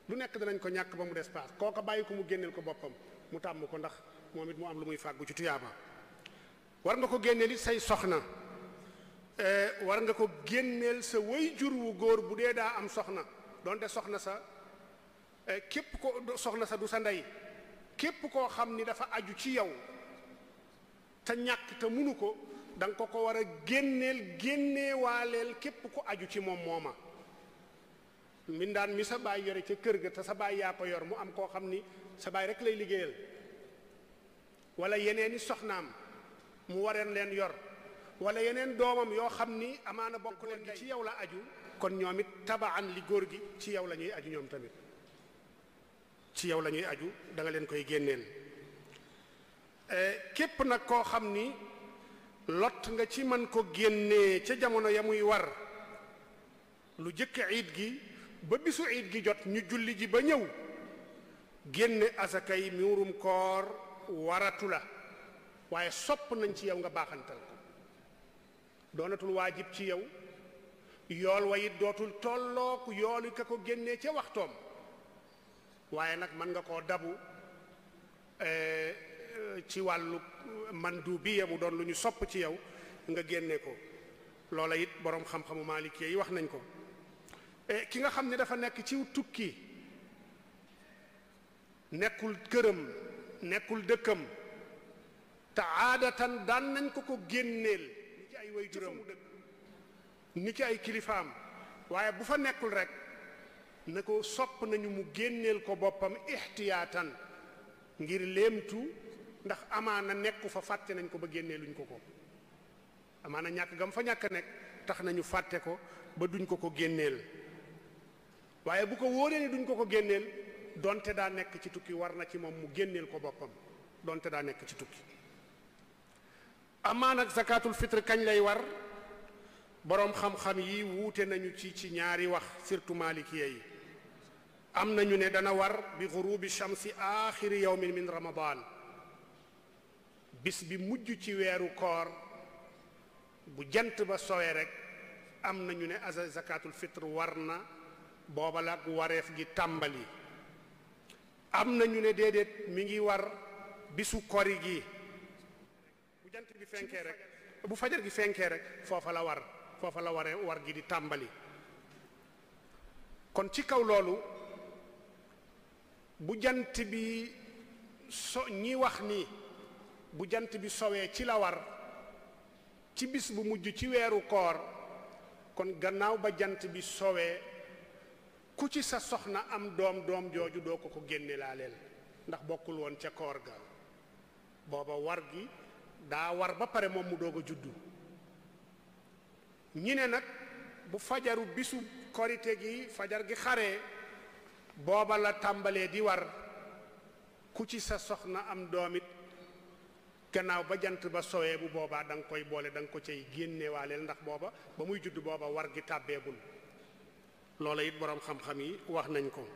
lu nekk danañ ko ñàkk ba mu des paas kooka bàyyi ko mu génneel ko boppam mu tàmm ko ndax moom it mu am lu muy fàggu ci tuyaaba war nga ko génneel it say soxna Eh, war nga ko génneel sa way jur wu góor bu dee daa am soxna donte soxna sa eh, képp ko soxna sa du sa ndey képp koo xam ni dafa aju ci yow te ñàkk te munu ko danga ko ko war a génneel génneewaaleel képp ku aju ci moom mooma mbindaan mi sa baay yore ca kër ga te sa baay yaa ko yor mu am koo xam ni sa baay rek lay liggéeyal wala yeneeni soxnaam mu wareen leen yor wala yeneen doomam yoo xam ni amaana bokk leen gi ci yow la aju kon ñoom it tabaan li góor gi ci yow lañuy ñuy aju ñoom tamit ci yow lañuy aju da leen koy génneel eh, képp nag koo xam ni lot nga ci mën ko génnee ca jamono ya muy war lu jëkk iid gi ba bisu iid gi jot ñu julli ji ba ñëw génne asakay murum koor waratu la waaye sopp nañ ci yow nga baaxantal doonatul waajib ci yow yool wa it dootul tollook yool yi ka ko génnee ca waxtoom waaye nag mën nga koo dabu eh, ci wàllu man du bi mu doon lu ñu sopp ci yow nga génne ko loola it boroom xam-xamu maalik yi wax nañ ko eh, ki nga xam ne dafa nekk ciw tukki nekkul këram nekkul dëkkam te aadatan daan nañ ko ko génneel way juróom ni ci ay kilifaam waaye bu fa nekkul rek na ko sopp nañu mu génneel ko boppam ixtiyaatan ngir léemtu ndax amaana nekku fa fàtte nañ ko ba génneeluñ ko ko amaana ñàkk gam fa ñàkk nekk tax nañu fàtte ko ba duñ ko ko génneel waaye bu ko wóoree ne duñ ko ko génneel donte daa nekk ci tukki war na ci moom mu génneel ko boppam donte daa nekk ci tukki amaa nag zakatul fitre kañ lay war boroom xam-xam yi wuute nañu ci ci ñaari wax surtout malikiya yi am na ñu ne dana war bi gurubi shamsi aaxiri yawmin min ramadan bis bi mujj ci weeru koor bu jant ba sowee rekk am na ñu ne asa zakatul fitre war na booba la ak wareef gi tàmbali am na ñu ne déedéet mi ngi war bisu kori gi jant bi fenkee rek bu fajar gi fenkee rek foofa la war foofa la ware war gi di tàmbali kon ci kaw loolu bu jant bi so wax ni bu jant bi sowee ci la war ci bis bu mujj ci weeru koor kon gannaaw ba jant bi sowee ku ci sa soxna am doom doom jooju doo ko ko génne laaleel ndax bokkul woon ca koor ga booba war gi daa war ba pare moom mu doog a juddu ñi ne nag bu fajaru bisu korite gi fajar gi xare booba la tàmbalee di war ku ci sa soxna am doomit gannaaw ba jant ba sowee bu boobaa danga koy boole da nga ko cay génnewaaleel ndax booba ba muy judd booba war gi tàbbeegul loola it boroom xam-xam yi wax nañ ko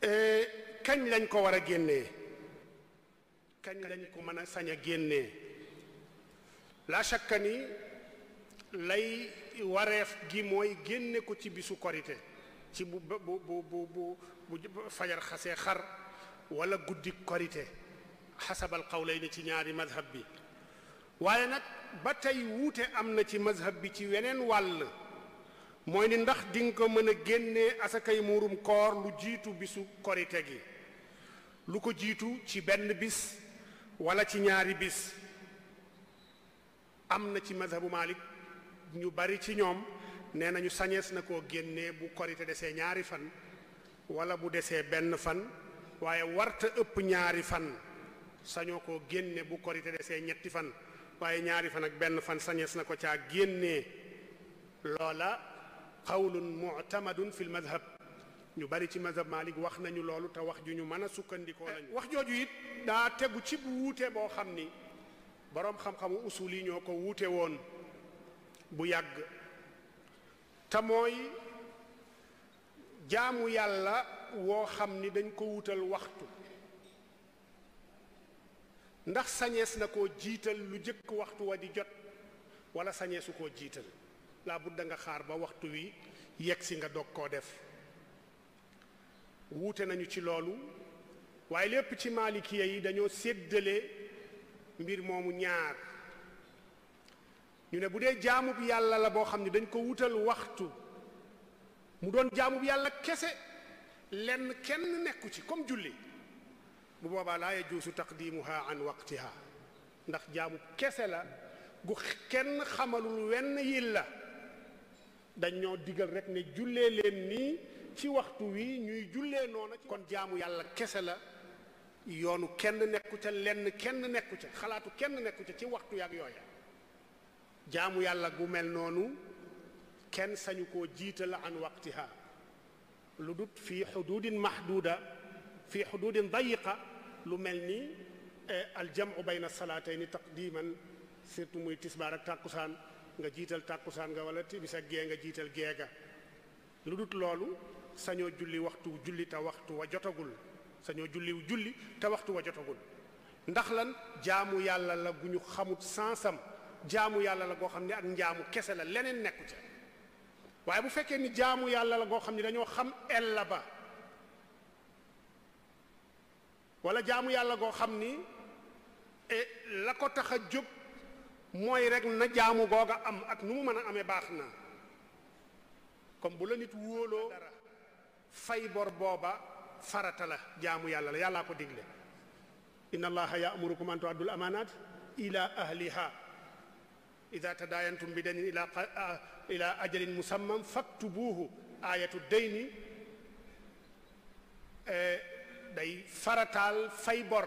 eh, kañ lañ ko war a génnee kañ lañ ko mën a sañ a génnee la shakka ni lay wareef gi mooy génne ko ci bisu korité ci bu bu bu bu fajar xasee xar walla guddi korité xasabal xaw lay ni ci ñaari mazhab bi waaye nag ba tey wuute am na ci mazhab bi ci weneen wàll mooy ni ndax di ko mën a génne asakay muurum koor lu jiitu bisu korite gi lu ko jiitu ci benn bis wala ci ñaari bis am na ci madhabu Malik ñu bari ci ñoom nee nañu sañees na koo génnee bu korite desee ñaari fan wala bu desee benn fan waaye warta ëpp ñaari fan sañoo ko génne bu korite desee ñetti fan waaye ñaari fan ak benn fan sañees na ko caa génne loola qawlun mu'tamadun fil madhab ñu bari ci mazhab Malik wax nañu loolu te wax ju ñu mën a sukkandikoo lañu wax jooju it daa tegu ci wuute boo xam ni boroom xam-xamu usul yi ñoo ko wuute woon bu yàgg te mooy jaamu yàlla woo xam ni dañ ko wutal waxtu ndax sañees na koo jiital lu jëkk waxtu wa di jot wala sañeesu koo jiital laa budda nga xaar ba waxtu wi yegg si nga dog koo def wuute nañu ci loolu waaye lépp ci maalikiya yi dañoo séddale mbir moomu ñaar ñu ne bu dee jaamub yàlla la boo xam ne dañ ko wutal waxtu mu doon jaamub yàlla kese lenn kenn nekku ci comme julli bu boobaa laa yajuusu taqdimuha an waqtiha ndax jaamub kese la gu kenn xamalul wenn yilla dañ ñoo digal rek ne jullee leen nii ci waxtu wi ñuy jullee noonu kon jaamu yàlla kese la yoonu kenn nekku ca lenn kenn nekku ca xalaatu kenn nekku ca ci waxtu yaak yooya jaamu yàlla gu mel noonu kenn sañu ko koo jiital an waqtiha lu dut fii xududin mahduda fii xududin dayiqa lu mel ni eh, aljamu bayna salaatayni taqdiman surtout muy tisbaar ak tàkkusaan nga jiital tàkkusaan nga wala timis ak gee nga jiital gee ga lu dut loolu sañoo julli waxtu julli te waxtu wa jotagul sañoo julliw julli te waxtu wa jotagul ndax lan jaamu yàlla la gu ñu xamut sansam jaamu yàlla la goo xam ne ak njaamu kese la leneen nekku ca waaye bu fekkee ni jaamu yàlla la goo xam ne dañoo xam ella ba wala jaamu yàlla goo xam ni e, la ko tax a jóg mooy rek na jaamu googa am ak nu mu mën a amee baax na comme bu la nit wóoloo fay bor booba farata la jaamu yàlla la yàlla ko digle inna allaha ya'murukum an tu'addul amanat ila ahliha ida tadaayantum bi daynin ila ila ajalin musamman faktubuuhu aayatu dayni e, day farataal fay bor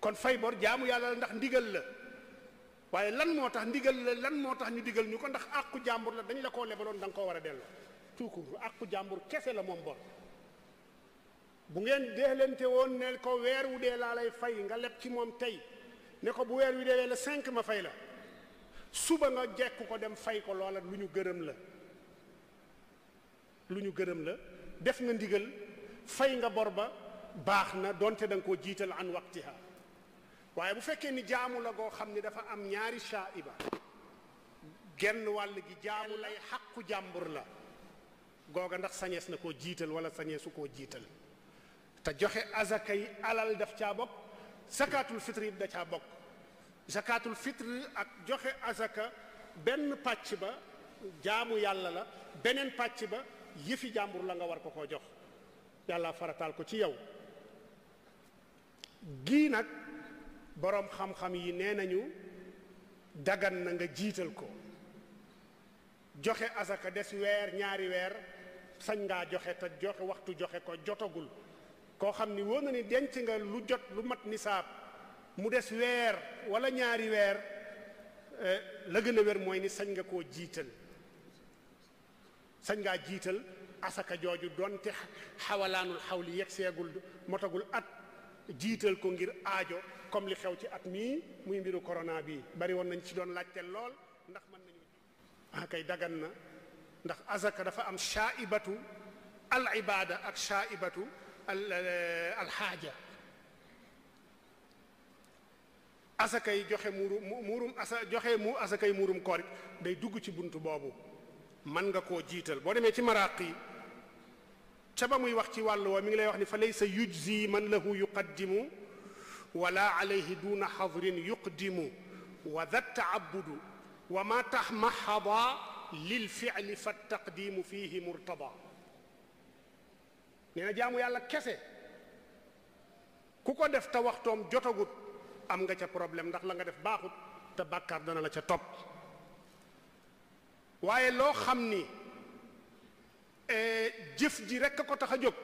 kon fay bor jaamu yàlla la ndax ndigal la waaye lan moo tax ndigal la lan moo tax ñu digal ñu ko ndax àqu jàmbur la dañ la koo lebaloon da koo war a delloo tuukur àqu jàmbur kese la moom bor bu ngeen deelante woon ne ko weer wu dee laa lay fay nga leb ci moom tey ne ko bu weer wi deewee la cinq ma fay la suba nga jekk ko dem fay ko loola lu ñu gërëm la lu ñu gërëm la def nga ndigal fay nga bor ba baax na donte da koo jiital an waqtiha waaye bu fekkee ni jaamu la goo xam ni dafa am ñaari iba genn wàll gi jaamu lay xàqu jàmbur la googa ndax sañees na koo jiital wala sañeesu koo jiital te joxe azaka yi alal def caa bokk sakaatul fitr yi da caa bokk zakaatul fitr ak joxe azaka benn pàcc ba jaamu yàlla la beneen pàcc ba yëfi jàmbur la nga war ko koo jox yàlla farataal ko ci yow gii nag boroom xam-xam yi nee nañu dagan na nga jiital ko joxe azaka des weer ñaari weer sañ ngaa joxe ta joxe waxtu joxe ko jotagul koo xam ni wóor na ni denc nga lu jot lu mat nisaab mu des weer walla ñaari weer eh, la gën a wér mooy ni sañ nga koo jiital sañ ngaa jiital asaka jooju donte xawalaanul xawli yegg seegul motagul at jiital ko ngir aajo comme li xew ci at mii muy mbiru corona bi bari woon nañ ci doon laajte lool ndax mën nañu ah kay dagan na ndax azaka dafa am shaaibatu al ibaada ak shaaibatu al eh, alxaaja asaka yi joxe muuru muurum asa joxe mu asaka yi muurum koor day dugg ci bunt boobu mën nga koo jiital boo demee ci maraaq yi ca muy wax ci wàll woo mi ngi lay wax ni fa laysa yujzi man lahu yuqaddimu wala alayhi duna xadrin yuqdimu wa da taabudu wa ma tax mahada lil fi'li fa taqdimu fihi murtada nee na jaamu yàlla kese ku ko def te waxtoom jotagut am nga ca problème ndax la nga def baaxut te bàkkaar dana la ca topp waaye loo xam ni eh, jëf ji rekk a ko tax a jóg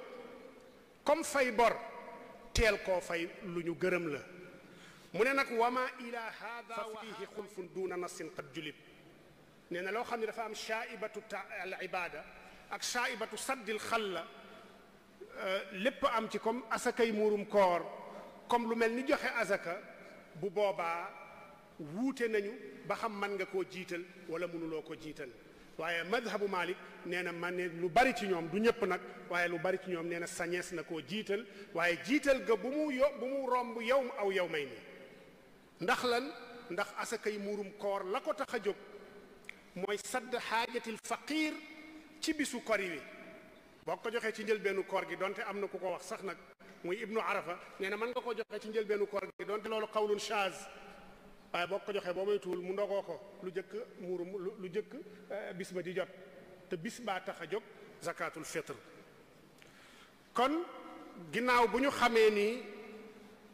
comme fay bor teel koo fay lu ñu gërëm la mu ne nag wama ila hada fihi xulfun duna nassin qad julib nee na loo xam ne dafa am shaaibatu al ibada ak shaaibatu saddil xalla euh, lépp am ci comme asakay muurum koor comme lu mel ni joxe asaka bu boobaa wuute nañu ba xam man nga koo jiital wala mënuloo ko jiital waaye madhabu malik nee na man ne lu bari ci ñoom du ñëpp nag waaye lu bari ci ñoom nee na sañees na koo jiital waaye jiital ga bu mu yo bu mu romb yow aw yow may ni ndax lan ndax asakay muurum koor la ko tax a jóg mooy sadd xaajatil faqiir ci bisu kori wi boo ko joxee ci njëlbeenu koor gi donte am na ku ko wax sax nag muy ibnu arafa nee na mën nga koo joxee ci njëlbeenu koor gi donte loolu xawlun shaaz waaye boo ko joxee boo moytuwul mu ndogoo ko lu jëkk muuru lu jëkk eh, bis ba di jot te bis baa tax a jóg zakatul fitr kon ginnaaw bu ñu xamee nii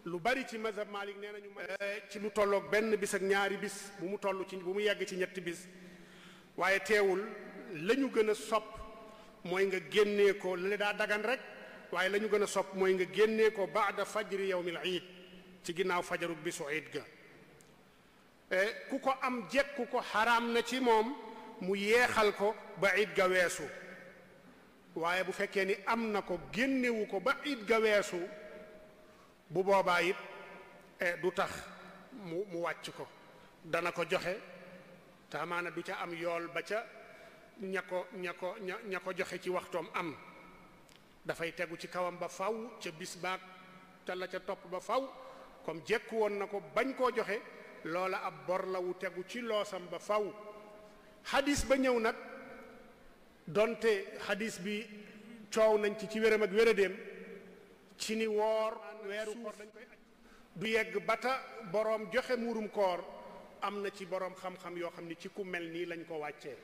lu bari ci mazhab malik nee nañu eh, ci lu tolloog benn bis ak ñaari bis bu mu toll ci bu mu yegg ci ñetti bis waaye teewul lañu gën a sopp mooy nga génnee ko la daa dagan rek waaye lañu gën a sopp mooy nga génnee ko baada fajri yawmil iid ci ginnaaw fajaru bisu iid ga e, ku ko am jekku ko xaraam na ci moom mu yeexal ko ba iid ga weesu waaye bu fekkee ni am na ko génnewu ko ba iid ga weesu bu boobaa it e, du tax mu mu wàcc ko dana ko joxe te amaana du ca am yool ba ca ña ko ña ko ña ko joxe ci waxtoom am dafay tegu ci kawam ba faw ca bis baag te la ca topp ba faw comme jekk woon na ko bañ koo joxe loola ab bor la wu tegu ci loosam ba faw xadis ba ñëw nag donte xadis bi coow nañ ci ci wéram ak wéradéem ci ni woor weeru koor dañ koy du yegg bata boroom joxe muurum koor am na ci boroom xam-xam yoo xam ni ci ku mel nii lañ ko wàccee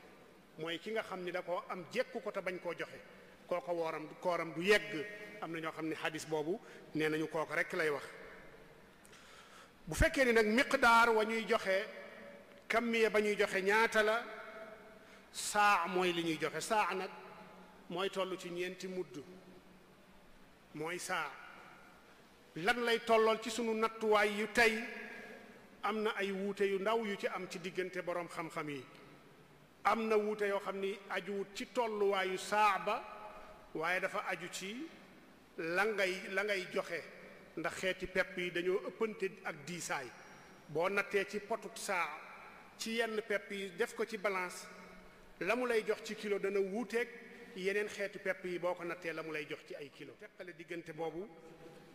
mooy ki nga xam ni da koo am jekku ko te bañ koo joxe kooko wooram kooram du yegg am na ñoo xam ne xadis boobu nee nañu kooko rek lay wax bu fekkee ni nag miqdaar wa ñuy joxe kammiya ba ñuy joxe ñaata la saa mooy li ñuy joxe saa nag mooy toll ci ñeenti mudd mooy saa lan lay tollool ci sunu nattuwaay yu tey am na ay wuute yu ndaw yu ci am ci diggante boroom xam-xam yi am na wuute yoo xam ni ajuwut ci tolluwaayu saa ba waaye dafa aju ci la ngay la ngay joxe ndax xeeti pepp yi dañoo ëppante ak diisaay boo nattee ci potut saa ci yenn pepp yi def ko ci balance la mu lay jox ci kilo dana wuuteeg yeneen xeetu pepp yi boo ko nattee la mu lay jox ci ay kilo teqale diggante boobu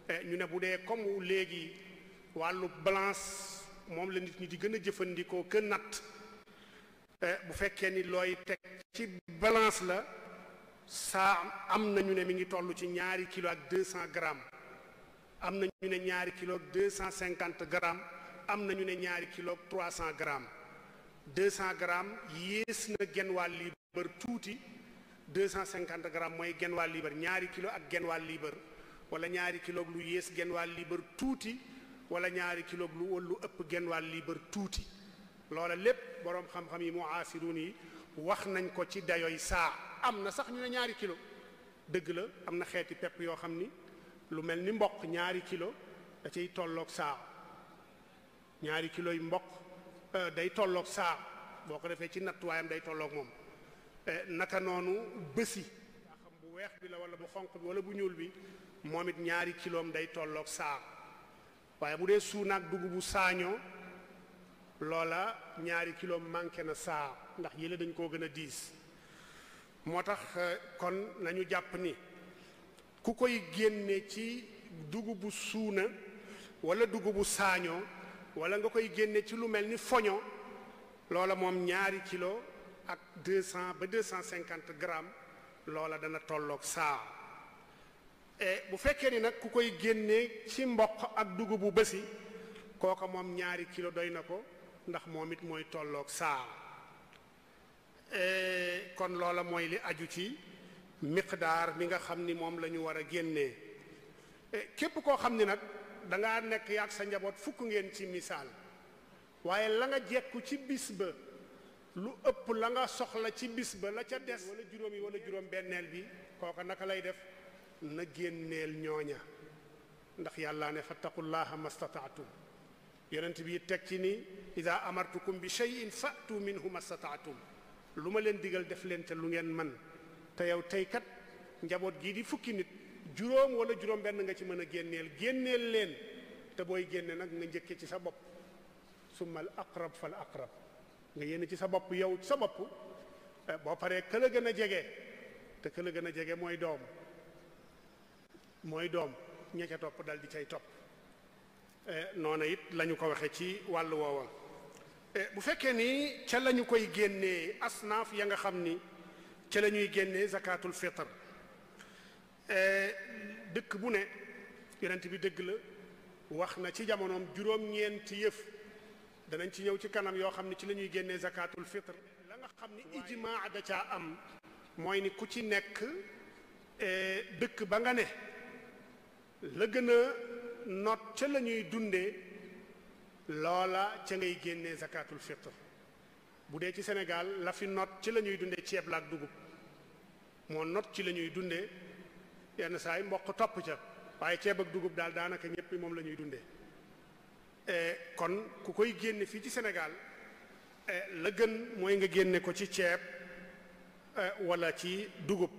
eh, ñu ne bu dee comme léegi wàllu balance moom la nit ñi di gën a jëfandikoo que nat eh, bu fekkee ni looy teg ci balance la saa am na ñu ne mi ngi toll ci ñaari kilo ak deux cent grammes am na ñu ne ñaari kilo ak deux cent cinquante grammes am na ñu ne ñaari kilo ak cent grammes deux cent grammes yées na genn wàll liibar tuuti deux cent cinquante grammes mooy genn wàll liibar ñaari kilo ak genn wàll liibar wala ñaari kilo ak lu yées genn wàll liibar tuuti. wala ñaari kilo lu wala lu ëpp genn wàll liibar tuuti loola lépp boroom xam-xam yi mu aasiruun yi wax nañ ko ci dayoy saa am na sax ñu ne ñaari kilo dëgg la am na xeeti pepp yoo xam ni lu mel ni mboq ñaari kilo da cay tolloog saa ñaari kilo yi mboq euh, day tollook saa boo ko defee ci nattuwaayam day tolloog moom euh, naka noonu bësi yaa bu weex bi la wala bu xonq bi wala bu ñuul bi moom it ñaari kiloom day tollook saa waaye bu dee suuna ak dugubu saañoo loola ñaari kilo manqué na saa ndax yële dañ koo gën a diis moo tax euh, kon nañu jàpp ni ku koy génne ci dugubu suuna wala dugubu saañoo wala nga koy génne ci lu mel ni foño loola moom ñaari kilo ak deux ba deux cent cinquante grammes loola dana tollook saa Eh, bu fekkee ni nag ku koy génnee ci mboq ak dugubu bësi kooka moom ñaari kilo doy na ko ndax moom it mooy tolloog saa eh, kon loola mooy li aju ci miqdaar bi nga xam ni moom lañu ñu war a génnee eh, képp koo xam ni nag danga nekk ak sa njaboot fukk ngeen ci misaal waaye la nga jekku ci bis ba lu ëpp la nga soxla ci bis ba la ca des wala juróom yi wala juróom benneel bi kooka naka lay def na génneel ñooña ndax yàllaa ne fa fattaqullaha mastataatum yonent bi teg ci ni ida amartukum bi shay'in fa'tu minhu mastataatum lu ma leen digal def leen ca lu ngeen man te yow tey kat njaboot gii di fukki nit juróom wala juróom benn nga ci mën a génneel génneel leen te booy génne nag nga njëkke ci sa bopp su al aqrab fal aqrab nga yénn ci sa bopp yow sa bopp eh, boo paree a gën a jege te këla gën a jege mooy doom mooy doom ña ca topp dal di cay topp eh, noona it lañu ko waxee ci wàll woowa eh, bu fekkee ni ca lañu koy génnee asnaaf ya nga xam ni ca lañuy ñuy génnee zakatul fitr eh, dëkk bu ne yonent bi dëgg la wax na ci jamonoom juróom-ñeenti yëf danañ ci ñëw ci kanam yoo xam ne ci lañuy génnee zakatul fitr la nga xam ni ijmaa da caa am mooy ni ku ci nekk dëkk ba nga ne la gën a not ca la ñuy dundee loola ca ngay génne zakatul fitr bu dee ci Sénégal la fi not ci la ñuy dundee ceeb la ak dugub moo not ci lañuy dunde yenn saa mboq topp ca waaye ceeb ak dugub daal daanaka ñëpp moom la ñuy e, kon ku koy génne fii ci Sénégal e, la gën mooy nga génne ko ci ceeb e, walla ci dugub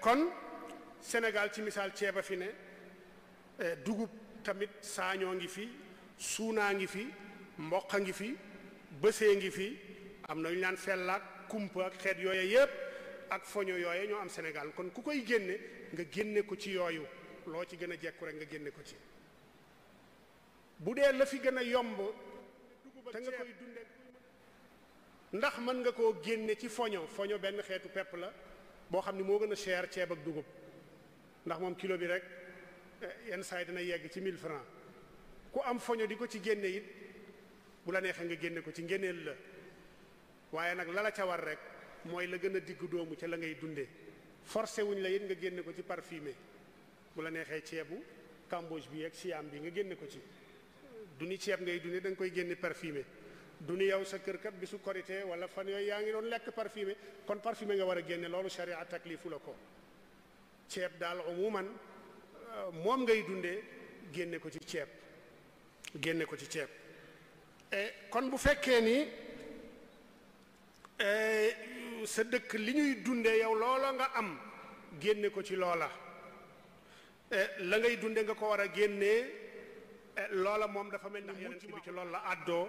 kon senegal ci misaal ceeba fi ne eh, dugub tamit saañoo ngi fi suunaa ngi fi mboq a ngi fi bësee ngi fi am na ñu naan fellaak kumpa ak xeet yooye yépp ak foño yooye ñoo am senegal kon ku koy génne nga génne ko ci yooyu loo ci gën a jekku rek nga génne ko ci bu dee la fi gën a yomb te nga dunde ndax mën nga koo génne ci foño foño benn xeetu pepp la boo xam ne moo gën a cher ceeb ak dugub ndax moom kilo bi rek eh, yenn saa yi dina yegg ci mill francs ku am foño di ko ci génne it bu la neexee nga génne ko ci ngéneel la waaye nag lala ca war rek mooy la gën a diggu doomu ca la ngay dundee forcé wuñ la yit nga génne ko ci parfumé bu la neexee ceebu cambodge bi ak siam bi nga génne ci du ni ceeb ngay dunde da koy génne parfumé du ni yow sa kër kat su korité wala fan yooyu yaa ngi doon lekk parfumé kon parfumé nga war a génne loolu charia taklifu la ko ceeb daal umuman moom ngay dunde génne ko ci ceeb génne ko ci ceeb e, kon bu fekkee ni e, sa dëkk li ñuy dunde yow loola nga am génne ko ci loola e, la ngay dunde nga ko war a génne loola moom dafa mel ni yonent bi ci loolu la àddoo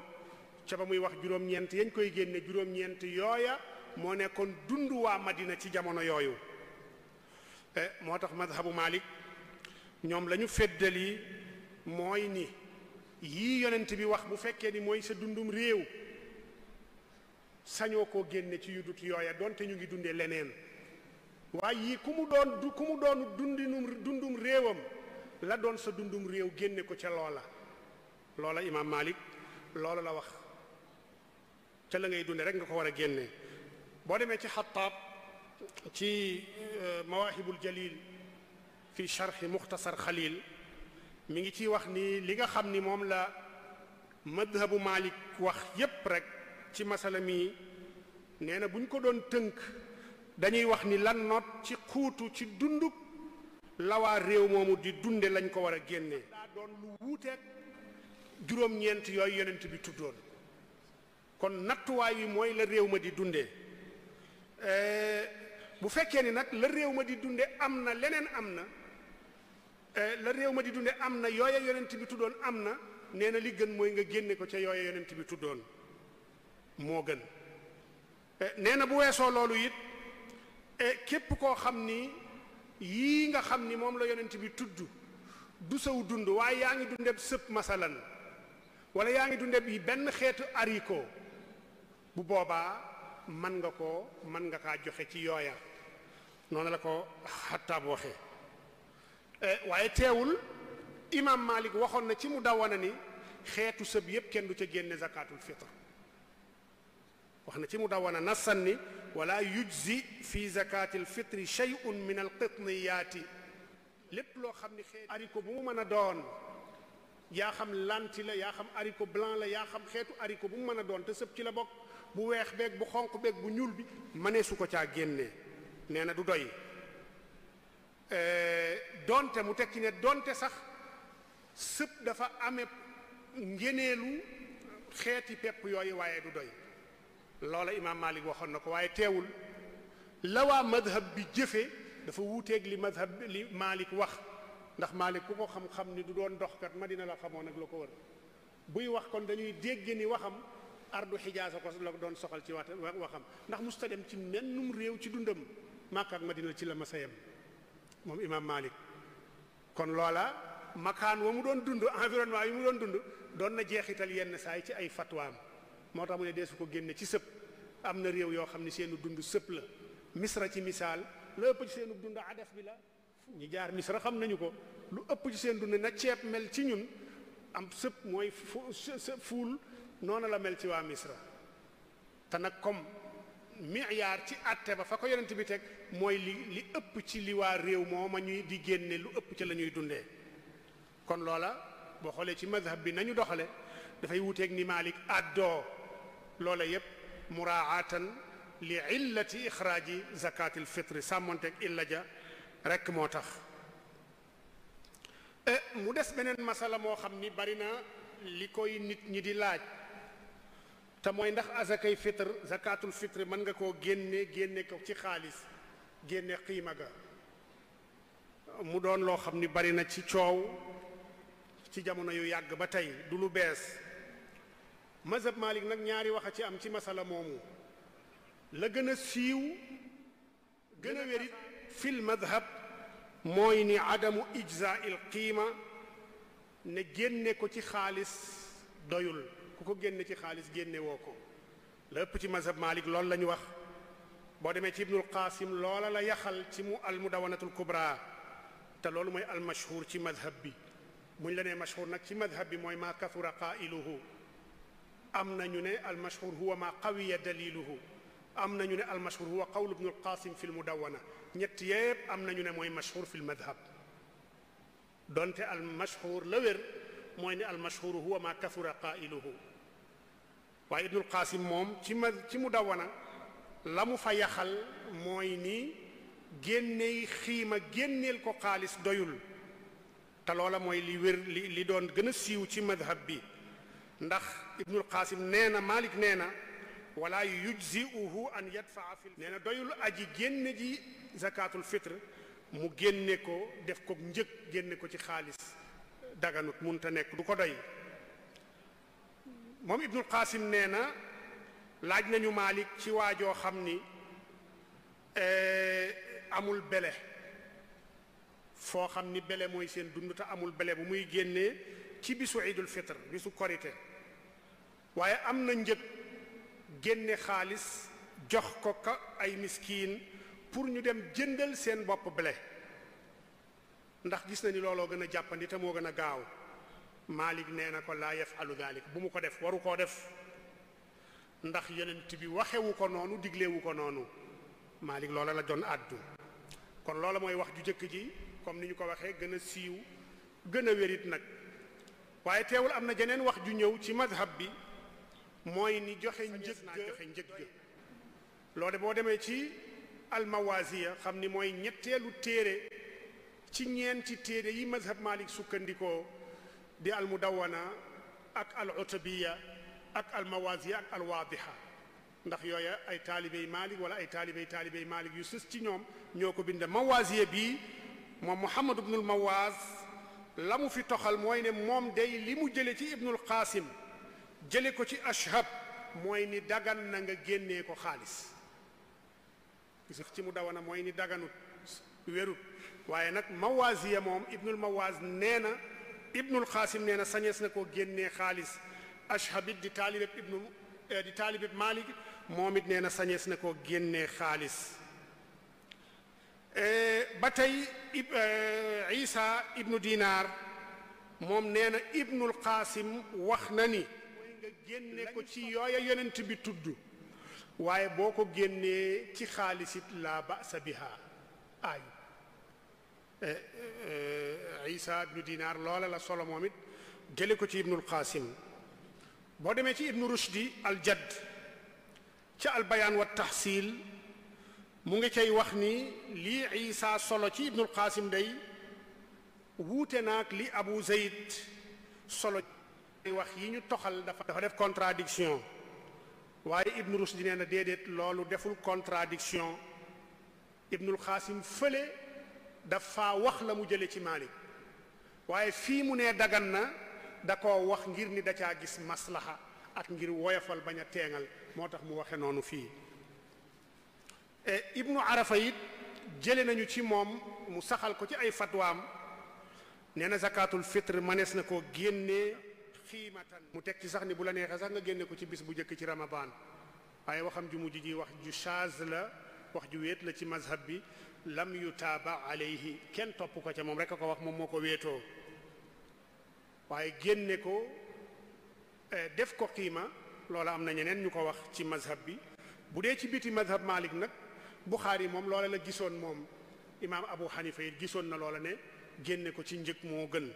ca ba muy wax juróom-ñeent yañ koy génne juróom-ñeent yooya moo nekkoon dund waa Madina ci jamono yooyu moo tax madhabu malik ñoom lañu ñu yi mooy ni yii yonent bi wax bu fekkee ni mooy sa dundum réew sañoo ko génne ci yu dut yooya donte ñu ngi dundee leneen waaye yii ku mu doon ku mu doon dundinum dundum réewam la doon sa dundum réew génne ko ca loola loola imaam malik loolu la wax ca la ngay dunde rek nga ko war a génne boo demee ci xataab ci euh, mawaahibul jalil fi charxi muxtasar xalil mu ngi ci wax ni li nga xam ni moom la madhabu malik wax yépp rek ci masala mi nee na bu ñu ko doon tënk dañuy wax ni lan noot ci xuutu ci dundub la waa réew moomu di dunde lañ ko war a génnee daa lu wuuteeg juróom-ñeent yooyu yonent bi tuddoon kon nattuwaay wi mooy la réew ma di dundee euh, bu fekkee ni nag la réew ma di dunde am na leneen am na eh, la réew ma di dunde am na yooya yonent bi tuddoon am na nee na li gën mooy nga génne ko ca yooya yonent bi tuddoon moo gën eh, nee na bu weesoo loolu it eh, képp koo xam ni yii nga xam ni moom la yonent bi tudd du sëw dund waaye yaa ngi dundeb sëpp masalan wala yaa ngi dundeb yi benn xeetu ariko bu boobaa mën nga ko mën nga kaa joxe ci yooya noonu la ko xattaab waxee eh, waaye teewul imam malik waxoon na ci mu dawana ni xeetu sëb yépp kenn du ca génne zakatul fitre wax na ci mu dawana nasan ni wala yujzi fi zakatil fitri shay'un min al yaati lépp loo xam ni xeet ariko bu mu mën a doon yaa xam lanti la yaa xam ariko blanc la yaa xam xeetu ariko bu mu mën a doon te sëb ci la bokk bu weex beeg bu xonq beeg bu ñuul bi mënee su ko caa génnee nee na du doy euh, donte mu tekki ne donte sax sëpp dafa amee ngeneelu xeeti pepp yooyu waaye du doy loola imaam Malik waxoon na ko waaye teewul la waa madhab bi jëfe dafa wuuteeg li madhab li Malik wax ndax Malik ku ko xam-xam ni du doon ma dina la xamoon ak la ko wër buy wax kon dañuy dégg ni waxam ardu xijaasa ko la doon soxal ci waxam ndax musta dem ci mennum réew ci dundam Makka ak Madina ci la ma sa yem moom imaam Malik kon loola makaan wa mu doon dund environnement yi mu doon dund doon na jeexital yenn saay ci ay fatwaam moo tax mu ne deesu ko génne ci sëpp am na réew yoo xam ne seenu dund sëpp la misra ci misaal la ëpp ci seenu dund adaf bi la ñi jaar misra xam nañu ko lu ëpp ci seen dund na ceeb mel ci ñun am sëpp mooy fuul noonu la mel ci waa misra te nag comme miyaar ci àtte ba fa ko yonent bi teg mooy li li ëpp ci li waa réew moo ma ñuy di génne lu ëpp ci lañuy dunde kon loola boo xoolee ci mazhab bi nañu doxale dafay wuteeg ni Maalik àddoo loola yépp muraatan li illati ixraaji zakatil fitri sàmmonteeg illa ja rekk moo tax eh, mu des beneen masala moo xam ni bari na li koy nit ñi di laaj te mooy ndax asakay fitr zakatul fitr mën nga koo génne génne ko ci xaalis génne xiima ga mu doon loo xam ni bari na ci coow ci jamono yu yàgg ba tey du lu bees mazhab Malik nag ñaari wax a ci am ci masala moomu la gën a siiw gën a wérit fil madhab mooy ni adamu ijza il qiima ne génne ko ci xaalis doyul ku ko génne ci xaalis génne woo ko la ci mazhab Malik loolu la wax boo demee ci ibnul qaasim loola la yaxal ci mu al mudawanatul kubra te loolu mooy al ci mazhab bi muñ la nee mashhur nag ci mazhab bi mooy maa kathura qailuhu am na ne al mashhur huwa maa qawiya daliluhu am na ñu ne al mashhur huwa qawlu ibnul qaasim fi l ñetti ñett yépp am na ñu ne mooy mashhur fi l donte al mashhur la wér mooy ne al mashhur maa kathura qailuhu waaye ibnul qaasim moom ci ma ci mu dawana la mu fa yaxal mooy ni génney xiima génneel ko xaalis doyul te loola mooy li wér li li doon gëna siiw ci madhab bi ndax ibnul qaasim nee na malik nee na wala yujziuhu an yadfaa fi nee na doyul aji génne ji zakatul fitre mu génne ko def ko njëg génne ko ci xaalis daganut munta nekk du ko doy moom ibnul qaasim nee na laaj nañu Maalik ci waajoo xam ni eh, amul bele foo xam ni bele mooy seen dund te amul bele bu muy génnee ci bisu iidul fitr bisu korite waaye am na njëg génne xaalis jox ko ka ay miskiin pour ñu dem jëndal seen bopp bele ndax gis na ni looloo gën a jàppandi te moo gën a gaaw Malik nee na ko laa yafalu dalik bu mu ko def waru koo def ndax yonent bi waxewu ko noonu diglewu ko noonu Malik loola la doon àddu kon loola mooy wax ju jëkk ji comme ni ñu ko waxee gën a siiw gën a wérit nag waaye teewul am na jeneen wax ju ñëw ci madhab bi mooy ni joxe njëg joxe njëg loole boo demee ci almawaasiya xam ni mooy ñetteelu téere ci ñeenti téere yi madhab Malik sukkandikoo di al mudawana ak al utbiya ak al mawaziya ak al waadiha ndax yooya ay taalibey Malik wala ay taalibey taalibey Malik yu sës ci ñoom ñoo ko bind mawaziya bii moom Muhammad ibnul Mawaz la mu fi toxal mooy ne moom day li mu jële ci ibnul Qasim jële ko ci ashhab mooy ni dagan na nga génnee ko xaalis gis ci mu dawana mooy ni daganut werut waaye nag mawaziya moom ibnul Mawaz nee na ibnul xaasim nee na sañees na koo xaalis ashhabit di taalibeb ibnu eh, maalik moom it nee na sañees na koo génnee xaalis eh, ba tey eh, isa ibnu dinaar moom nee na ibnul xaasim wax na ni mooy nga génne ko ci yooya yonent bi tudd waaye boo ko génnee ci xaalisit laa ba'sa biha aayu isa ibnu dinaar loola la solo moom it jële ko ci ibnul qaasim boo demee ci ibnu rushdi al jadd ca al bayaan wa tahsil mu ngi cay wax ni lii isa solo ci ibnul qaasim day wuute naag li abu zayd solo ci wax yi ñu toxal dafa dafa def contradiction waaye ibnu rushdi nee na déedéet loolu deful contradiction ibnul qaasim fële dafa wax la mu jële ci maalik waaye fii mu ne dagan na da koo wax ngir ni da caa gis maslaha ak ngir woyofal bañ a teengal moo tax mu waxe noonu fii e, ibnu arafa it jële nañu ci moom mu saxal ko ci ay fatwaam nee na zakatul fitre manees na ko génne xiimatan mu teg ci sax ni bu la neexee sax nga génne ko ci bis bu njëkk ci ramadan waaye waxam ju mujj ji wax ju chaz la wax ju wéet la ci mazhab bi lam yutaaba alayhi kenn topp ko ca moom rek a ko wax moom moo ko wéetoo waaye génne ko eh, def ko xiima loola am na ñeneen ñu ko wax ci mazhab bi bu dee ci biti mazhab Malik nag Buxaari moom loola la gisoon moom imaam Abu Xanifa it gisoon na loola ne génne ko ci njëg moo gën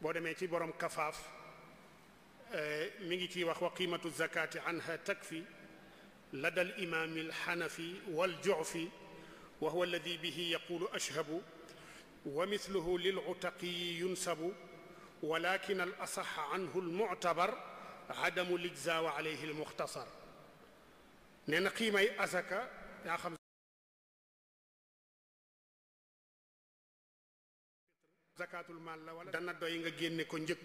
boo demee ci borom kafaaf eh, mu ngi ciy wax wa qiimatu zakati anha takfi lada al imaami alxanafi waljofi وهو الذي به يقول أشهب ومثله للعتقي ينسب ولكن الأصح عنه المعتبر عدم الإجزاء وعليه المختصر nee na xiimay asaka yaa xam zakatul mal la wala dana doy nga génne ko njëg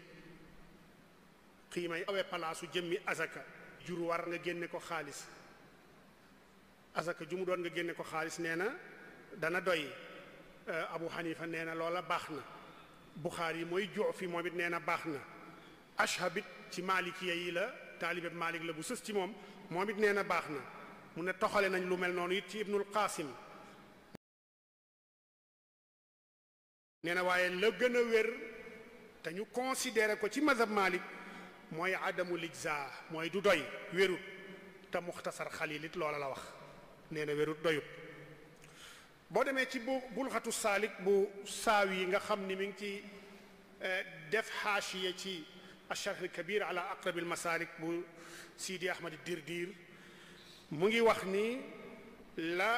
xiimay awee palaasu jëmmi asaka jur war nga génne ko xaalis asaka ju mu doon nga génne ko xaalis nee na dana doy euh, abu xanifa nee loola baax na buxaar yi mooy jox fi moom it nee baax na ashabit ci maalikiya yi la taalibeb maalik la bu sës ci moom moom it nee na baax na mu ne toxale nañ lu mel noonu it ci ibnul qaasim nee na waaye la gën wér te ñu considéré ko ci mazhab maalik mooy adamu lijza mooy du doy wérut te muxtasar xalil it loola la wax nee na wérut doyut boo demee ci bu bulxatu saalik bu saaw yi nga xam ni mi ngi ci eh, def xaashiya ci asharh kabir ala aqrabil masalik bu sidi ahmad dir dir mu ngi wax ni la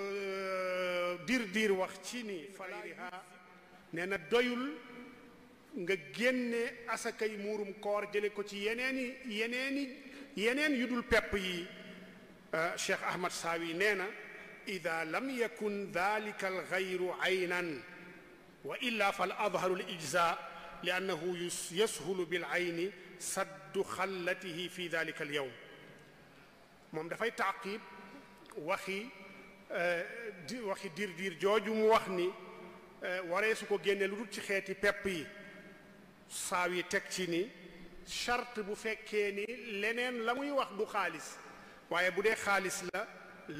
eh, dir dir wax ci ni falayriha nee na doyul nga génne asakay muurum koor jële ko ci yeneeni yeneeni yeneen yu dul pepp yi Euh, cheikh ahmad saawi nee na ida lam yakun dalika alxayru aynan wa illa fal adharu alijza li annahu yashulu bil ayni saddu xallatihi fi dalika alyawm moom dafay taqib waxi euh, di waxi diir diir jooju mu wax ni euh, waree su ko génnee lu dul ci xeeti pepp yi saaw yi teg ci ni charte bu fekkee ni leneen la muy wax du xaalis waaye bu dee xaalis la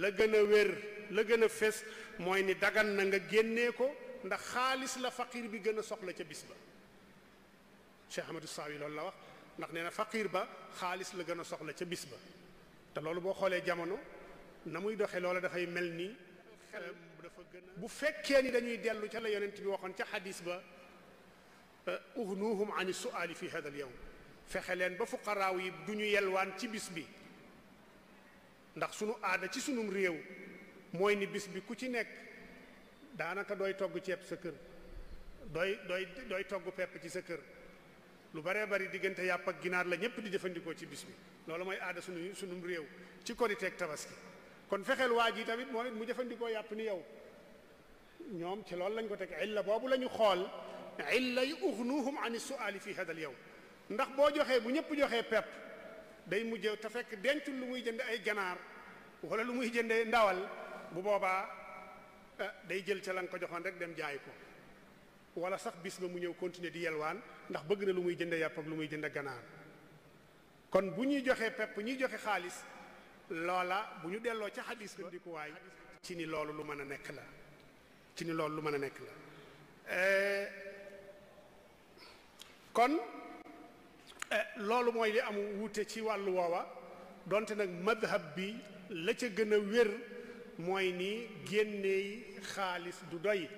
la gën a wér la gën a fés mooy ni dagan na nga génnee ko ndax xaalis la faqir bi gën a soxla ca bis ba Cheikh Ahmadou Sawi loolu la ndax nee na faqir ba xaalis la gën a soxla ca bis ba te loolu boo xoolee jamono na muy doxee loola dafay mel ni dafa nii bu fekkee ni dañuy dellu ca la yonent bi waxoon ca xadiis ba uhnuhum an suali fi fii al yow fexe leen ba fuqaraaw yi du ñu yelwaan ci bis bi ndax sunu aada ci sunum réew mooy ni bis bi ku ci nekk daanaka dooy togg ceeb sa kër dooy dooy dooy togg pepp ci sa kër lu baree bari diggante yàpp ak ginaar la ñépp di jëfandikoo ci bis bi loolu mooy aada sunu sunum réew ci koriteeg tabaski kon fexeel waa ji tamit moom mu jëfandikoo yàpp ni yow ñoom ci loolu lañ ko teg illa boobu la ñu xool illa yu uxnuhum an suali fi hadal yow ndax boo joxee bu ñëpp joxee pepp day mujjee te fekk dencul lu muy jënd ay ganaar wala lu muy jëndee ndawal bu boobaa eh, day jël ca lan ko joxoon rek dem jaay ko walla sax bis ba mu ñëw continuer di yelwaan ndax bëgg na lu muy jënd yàpp ak lu muy jënde ganaar kon bu ñuy joxee pepp ñuy joxe xaalis loola bu ñu delloo ca xadis ba dikuwaay ci ni loolu lu mën a nekk la ci ni loolu lu mën a nekk la eh, kon Eh, loolu mooy li am wuute ci wàllu woowa donte nag madhab bi la ca gën a wér mooy nii génneey xaalis du doy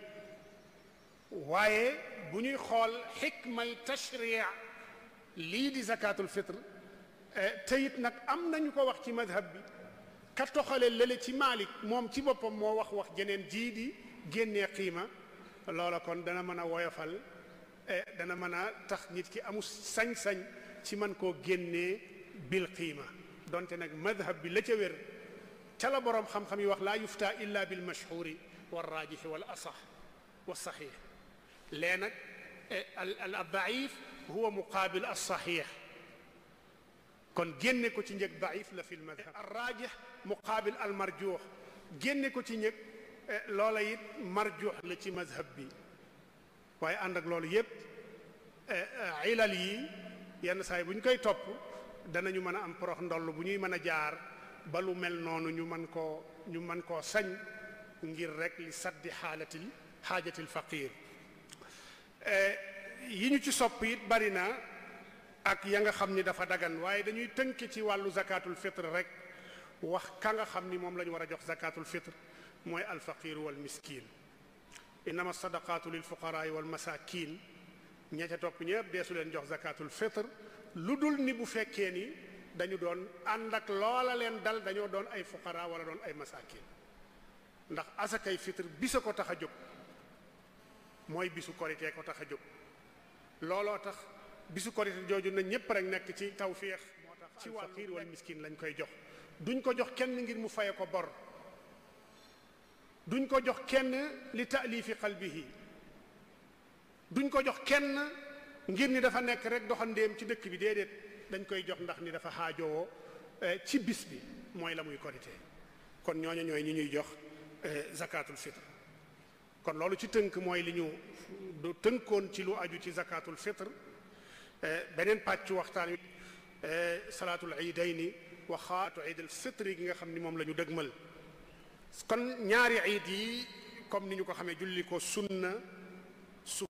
waaye bu ñuy xool xikmay tashri' lii di zakatul fitre eh, teyit nag am nañu ko wax ci madhab bi ka toxale lële ci Maalik moom ci boppam moo wax wax jeneen jii di génnee xiima loola kon dana mën a woyofal Eh, dana mën a tax nit ki amu sañ-sañ ci man koo génnee bil qiima donte nag madhab bi la ca wér ca boroom xam-xam yi wax laa yufta illa bil mashhuri wal rajixi wal asax wa saxiix lee nag eh, al al daif huwa muqaabil al kon génne ko ci njëg daif la fi l madhab al rajix muqaabil al marjuux génne ko ci njëg eh, loola it marjuux la ci madhab bi waaye ànd ak loolu yépp eh, eh, ilal yi yenn saa yi bu ñu koy topp danañu mën a am porox ndoll bu ñuy mën a jaar ba lu mel noonu ñu mën koo ñu mën koo sañ ngir rek li saddi xaalatil xaajatil faqiir eh, yi ñu ci sopp it bari na ak ya nga xam ni dafa dagan waaye dañuy tënk ci wàllu zakatul fitre rek wax ka nga xam ni moom lañu war a jox zakatul fitre mooy alfaqir wal miskin innama sadaqaatu lil fuqaraay wal masaakiin ña ca topp ñëpp deesu leen jox zakaatul fitr lu dul ni bu fekkee ni dañu doon ànd ak loola leen dal dañoo doon ay fuqara wala doon ay masaakiin ndax asakay fitr bisa ko tax a jóg mooy bisu koritee ko tax a jóg looloo tax bisu korité jooju na ñépp rek nekk ci tawfiix moo tax ci wàllu faqiir wal miskin lañ koy jox duñ ko jox kenn ngir mu faye ko bor duñ ko jox kenn li taalifi qalbihi duñ ko jox kenn ngir ni dafa nekk rek doxandéem ci dëkk bi déedéet dañ koy jox ndax ni dafa xaajowoo eh, ci bis bi mooy la muy korite kon ñooñu ñooy ñu ñuy jox eh, zakatul fitr kon loolu ci tënk mooy li ñu tënkoon ci lu aju ci zakatul fitr eh, beneen pàcc waxtaan wi salaatul iidayni wa xaatu iidul fitri gi nga xam ni moom la ñu dëgmal kon ñaari iid yi comme ni ñu ko xamee julli ko sunna su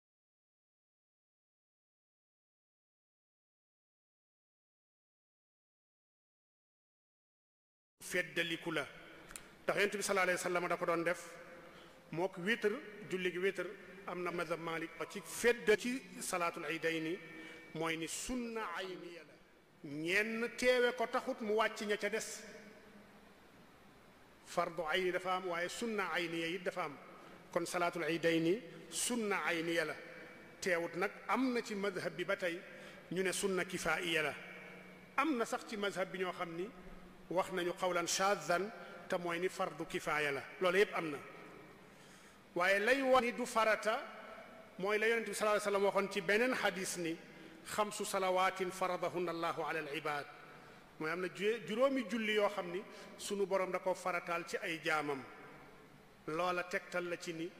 feddaliku la ndax yonent bi sallallahu alayhi wasallam doon def moo k witr na mazhab Maalik salaatul iidayni mooy ni sunna ayniya la ñenn teewe ko taxut mu wàcc ña ca des fardu ayni dafa am waaye sunna ayniya it dafa am kon salaatul iidayni sunna ayniya la teewut nag am na ci mazhab bi ba tey ñu ne sunna kifaa'iya la am na sax ci mazhab bi ñoo xam ni wax nañu xawlan shadhan te mooy ni fardu kifaaya la loolu yépp am na waaye lay wax ni du farata mooy la yonent bi sallallahu ci beneen xadis ni xamsu salawaatin faradahunna allahu ala al ibaad mooy am na juróomi julli yoo xam ni suñu borom da ko faratal ci ay jaamam loola tegtal la ci ni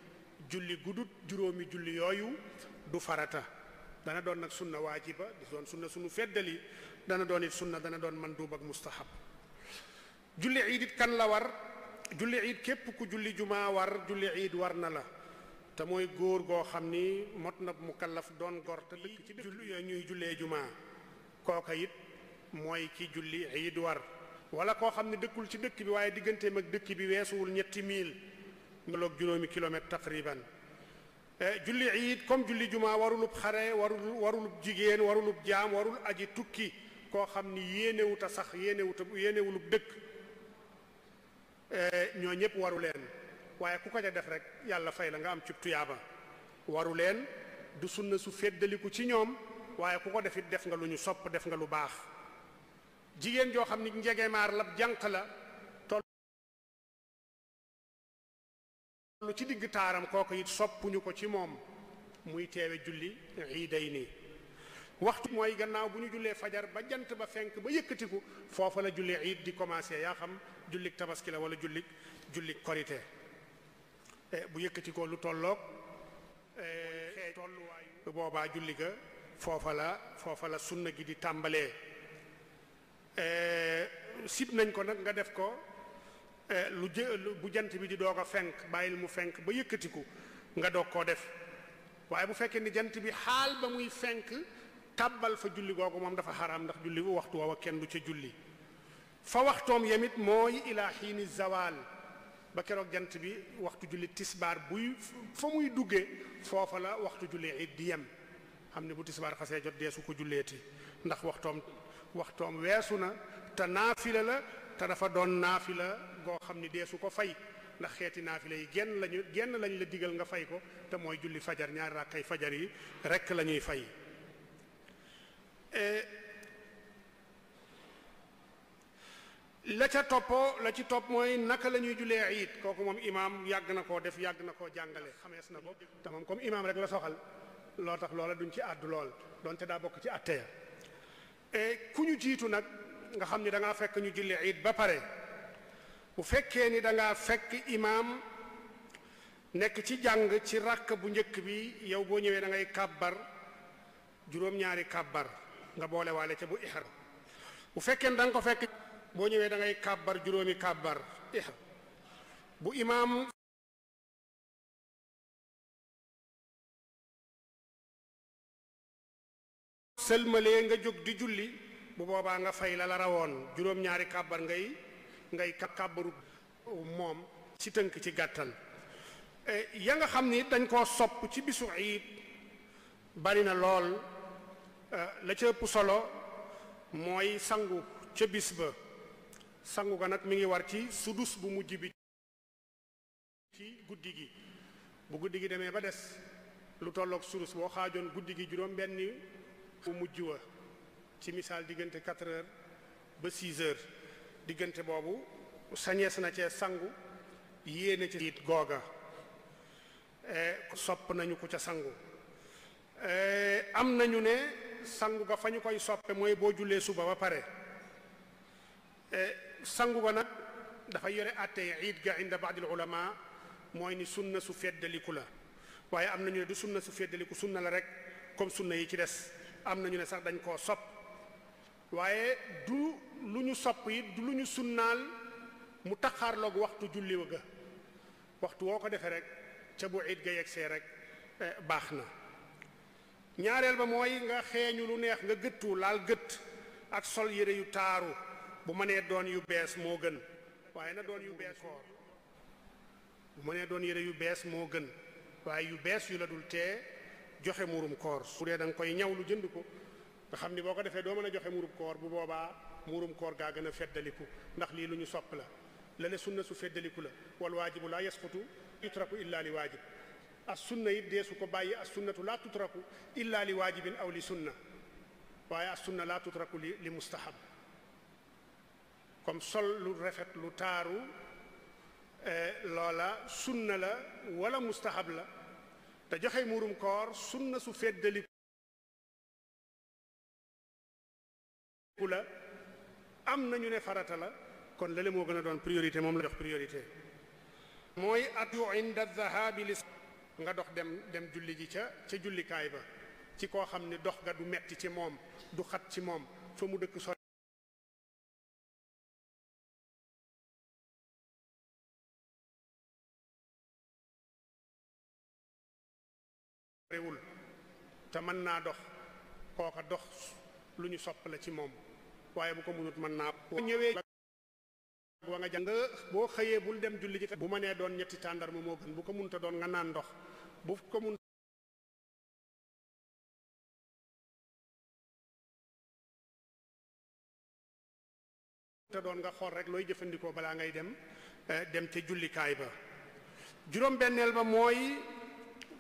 julli gudut juróomi julli yooyu du farata dana doon nag sunna waajiba di doon sunna suñu feddali dana doon it sunna dana doon mandub ak mustahab julli iid it kan la war julli iid képp ku julli jumaa war julli iid war na la te mooy góor goo xam ni mot na mukallaf doon gor te dëkk ci julli yooyu ñuy jullee jumaa kooka it mooy ki julli iid war wala koo xam ne dëkkul ci dëkk bi waaye digganteem ak dëkk bi weesuwul ñetti mil loog juróomi kilomètre taqriban eh, julli iid comme julli jumaa warulub xare warul warulub jigéen warulub jaam warul aji tukki koo xam ni yéenewut a sax yéenewut a wulub dëkk eh, ñoo ñépp waru leen waaye ku ko ca def rek yàlla fay la nga am ci tuyaaba waru leen du sunna su feddaliku ci ñoom waaye ku ko defit def nga lu ñu sopp def nga lu baax jigéen joo xam ni njegemaar la jànq la ci digg taaram kooku it soppuñu ko ci moom muy teewe julli iiday nii waxtu mooy gannaaw bu ñu jullee fajar ba jant ba fenk ba yëkkatiku foofa la julli iid di commencé yaa xam jullik tabaski la wala jullik jullik korite eh, bu yëkkatikoo lu tolloog eh, tolluwaayu boobaa julli ga foofa la foofa la sunna gi di tàmbalee Eh, sib nañ ko nag nga def ko eh, lu jë bu jant bi di doog a fenk bàyyil mu fenk ba yëkkatiku nga doog koo def waaye bu fekkee ni jant bi xaal ba muy fenk tàbbal fa julli googu moom dafa xaraam ndax julli bu waxtu woowa kenn du ca julli fa waxtoom yamit mooy ilaa xiini zawaal ba keroog jant bi waxtu julli tisbaar buy fa muy dugge foofa la waxtu julli it di yem xam ne bu tisbaar xasee jot dee su ko julleeti ndax waxtoom waxtoom weesu na te naafila la te dafa doon naafila goo xam ni deesu ko fay ndax xeeti naafila yi genn lañu genn lañ la digal nga fay ko te mooy julli fajar ñaari ay fajar yi rekk lañuy ñuy fay eh, la ca toppoo la ci topp mooy naka la ñuy julee iid kooku moom imaam yàgg na koo def yàgg na koo jàngale xamees na ko te moom comme imaam rek la soxal loo tax loola duñ ci àddu lool donte daa bokk ci àtte e ku ñu jiitu nag nga xam ni da ngaa fekk ñu julli iid ba pare bu fekkee ni da ngaa fekk imaam nekk ci jàng ci ràkk bu njëkk bi yow boo ñëwee dangay ngay kàbbar juróom-ñaari kàbbar nga boole waale ca bu ixra bu fekkee ni da ko fekk boo ñëwee da ngay kàbbar juróomi kàbbar ixra bu imaam sëlmalee nga jóg di julli bu boobaa nga fay la la rawoon juróom-ñaari kàbbar ngay ngay kàbbaru moom ci tënk ci gàttal e, ya nga xam ni dañ koo sopp ci bisu iid bari na lool e, la ca ëpp solo mooy sangu ca bis ba sangu ga nag mi ngi war ci sudus bu mujj bi ci guddi gi bu guddi gi demee ba des lu tolloog sudus boo xaajoon guddi gi juróom benn bu mujj wa ci misaal diggante quatre heures ba six heures diggante boobu sañees na cee sangu yéene ci googa e, sopp nañu ko ca sangu e, am nañu ne sangu ga fa ñu koy soppe mooy boo jullee suba ba pare e, sangu ba nag dafa yore àttee iid ga inda baadil ulama mooy ni sunna su feddaliku la waaye am nañu ne du sunna su feddaliku sunna la rek comme sunna yi ci des am na ñu ne sax dañ koo sopp waaye du lu ñu sopp it du lu ñu sunnaal mu taxaarloog waxtu julli wa ga waxtu woo ko defee rek ca bu it ga rek eh, baax na ñaareel ba mooy nga xeeñu lu neex nga gëttu laal gëtt ak sol yére yu taaru bu mënee doon yu bees moo gën waaye na doon yu bees mënee doon yére yu bees moo gën waaye yu bees yu la dul tee joxe murum koor su dee da koy ñaw lu jënd ko nga xam ni boo ko defee doo mën a joxe murum koor bu boobaa murum koor gaa gën a feddaliku ndax lii lu ñu sopp la lale sunna su feddaliku la wal waajibu laa yasqutu yutraku illa li waajib as sunna it dee ko bàyyi as sunnatu laa tutraku illa li waajibin aw li sunna waaye as sunna laa tutraku li li mustahab comme sol lu rafet lu taaru eh, loola sunna la wala mustahab la te joxe muurum koor sunna su feddaliku la am ñu ne farata la kon lële moo gën a doon priorité moom la jox priorité mooy at yu inda zahabi li nga dox dem dem julli ji ca ca jullikaay ba ci koo xam ne dox ga du metti ci moom du xat ci moom fa mu dëkk mën naa dox kooka dox lu ñu sopp ci moom waaye bu ko mënut mën naa ko ñëwee wa nga jàng boo xëyee bul bu ma doon ñetti tàndarma moo ko mënta doon nga naan ndox bu ko mun te doon nga xool rek looy jëfandikoo balaa ngay dem eh, dem ca jullikaay ba juróom benneel ba mooy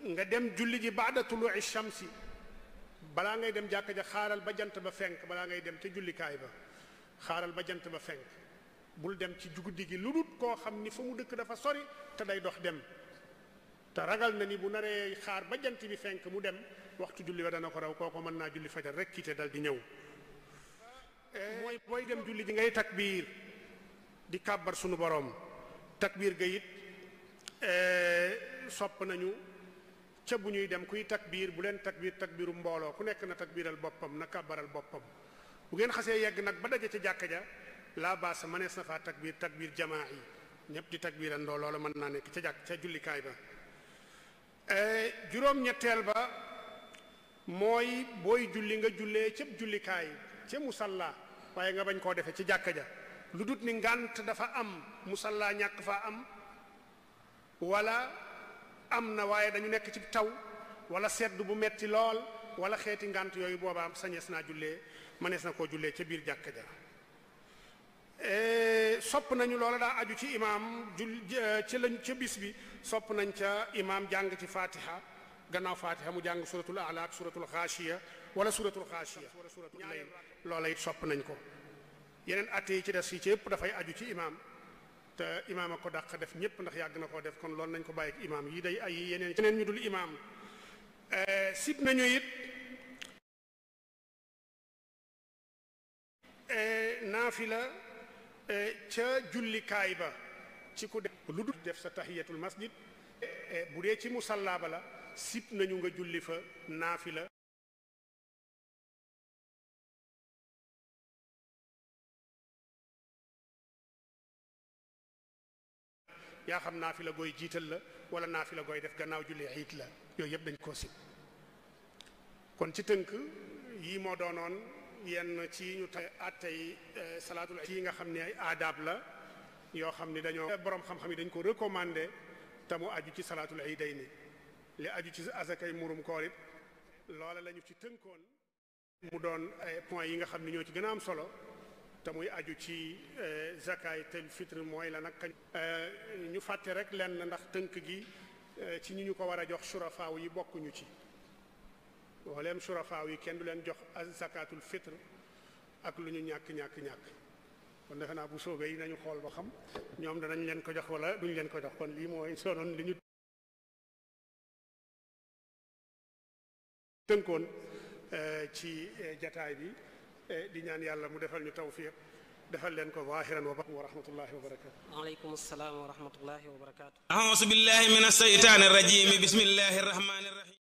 nga dem julli ji baada tulu shamsi balaa ngay dem jàkka ja xaaral ba jant ba fenk balaa ngay dem ca jullikaay ba xaaral ba jant ba fenk bul dem ci guddi gi lu dut koo xam ni fa mu dëkk dafa sori te day dox dem te ragal na ni bu naree xaar ba jant bi fenk mu dem waxtu julli ba dana ko raw kooku mën naa julli fajar rek kiite dal di ñëw mooy booy dem julli ji ngay takbiir di kàbbar sunu boroom takbiir ga it eh, sopp nañu ca bu ñuy dem kuy takbiir bu leen takbiir takbiiru mbooloo ku nekk na takbiiral boppam na kàbbaral boppam bu ngeen xasee yegg nag ba daje ca jàkka ja laa baasa mënees na faa takbiir takbiir jamaa yi ñépp di takbiirandoo loola mën naa nekk ca jàkk ca jullikaay ba e, ba mooy booy julli nga jullee cëb jullikaay ca musalla waaye nga bañ koo defee ci jàkka ja lu dut ni ngànt dafa am musalla ñàkk faa am wala am na waaye dañu nekk ci taw wala sedd bu metti lool wala xeeti ngànt yooyu boobaam sañees naa jullee mënees na koo jullee ca biir jàkka ja e, sopp nañu loola daa aju ci imaam jul ci lañ ca bis bi sopp nañ ca imaam jàng ci fatiha gannaaw fatiha mu jàng suratul ala ak suratul xaashiya wala suratul xaashiya loola it sopp nañ ko yeneen atte yi ci des yi ci yëpp dafay aju ci imaam te imaam a ko dàq def ñëpp ndax yàgg na koo def kon loolu nañ ko bàyyi ak imaam yi day ay yeneen yeneen ñu dul imaam eh, sib nañu it eh, naafila eh, ca jullikaay ba ci ko def lu dul def sa tahiyatul masjid bu dee ci musalla ba la sib nañu nga julli fa naafila yaa xam naa fi la gooy jiital la wala naa fi la gooy def gannaaw julli iit la yooyu yëpp dañ koo sib kon ci tënk yii moo doonoon yenn ci ñu tey attey euh, salaatul yi nga xam ne ay aadaab la yoo xam ni dañoo borom xam-xam yi dañ ko recommandé te mu aju ci salaatul iidayni li aju ci asakay murum koor it loola la ci tënkoon mu doon ay points yi nga xam ne ñoo ci gën a am solo te aju ci euh, tel fitr mooy la nag euh, ñu fàtte rek lenn ndax tënk gi euh, ci ñu ko war a jox surafaaw yi bokkuñu ci wooleem surafaaw yi kenn du leen jox zakaatul fitr ak lu ñu ñàkk ñàkk ñàkk kon defe naa bu soobee yi nañu xool ba xam ñoom danañ leen ko jox wala duñ leen ko jox kon lii mooy sonoon li ñu ci jataay bi Eh, di ñaan yàlla mu defal ñu tawfiq defal leen ko waahiran wa wa rahmatullahi wa barakaatu. waaleykum salaam wa rahmatullahi wa barakaatu. auzu billahi mina shaytaani rajiim bismillahi rahmaani rahiim.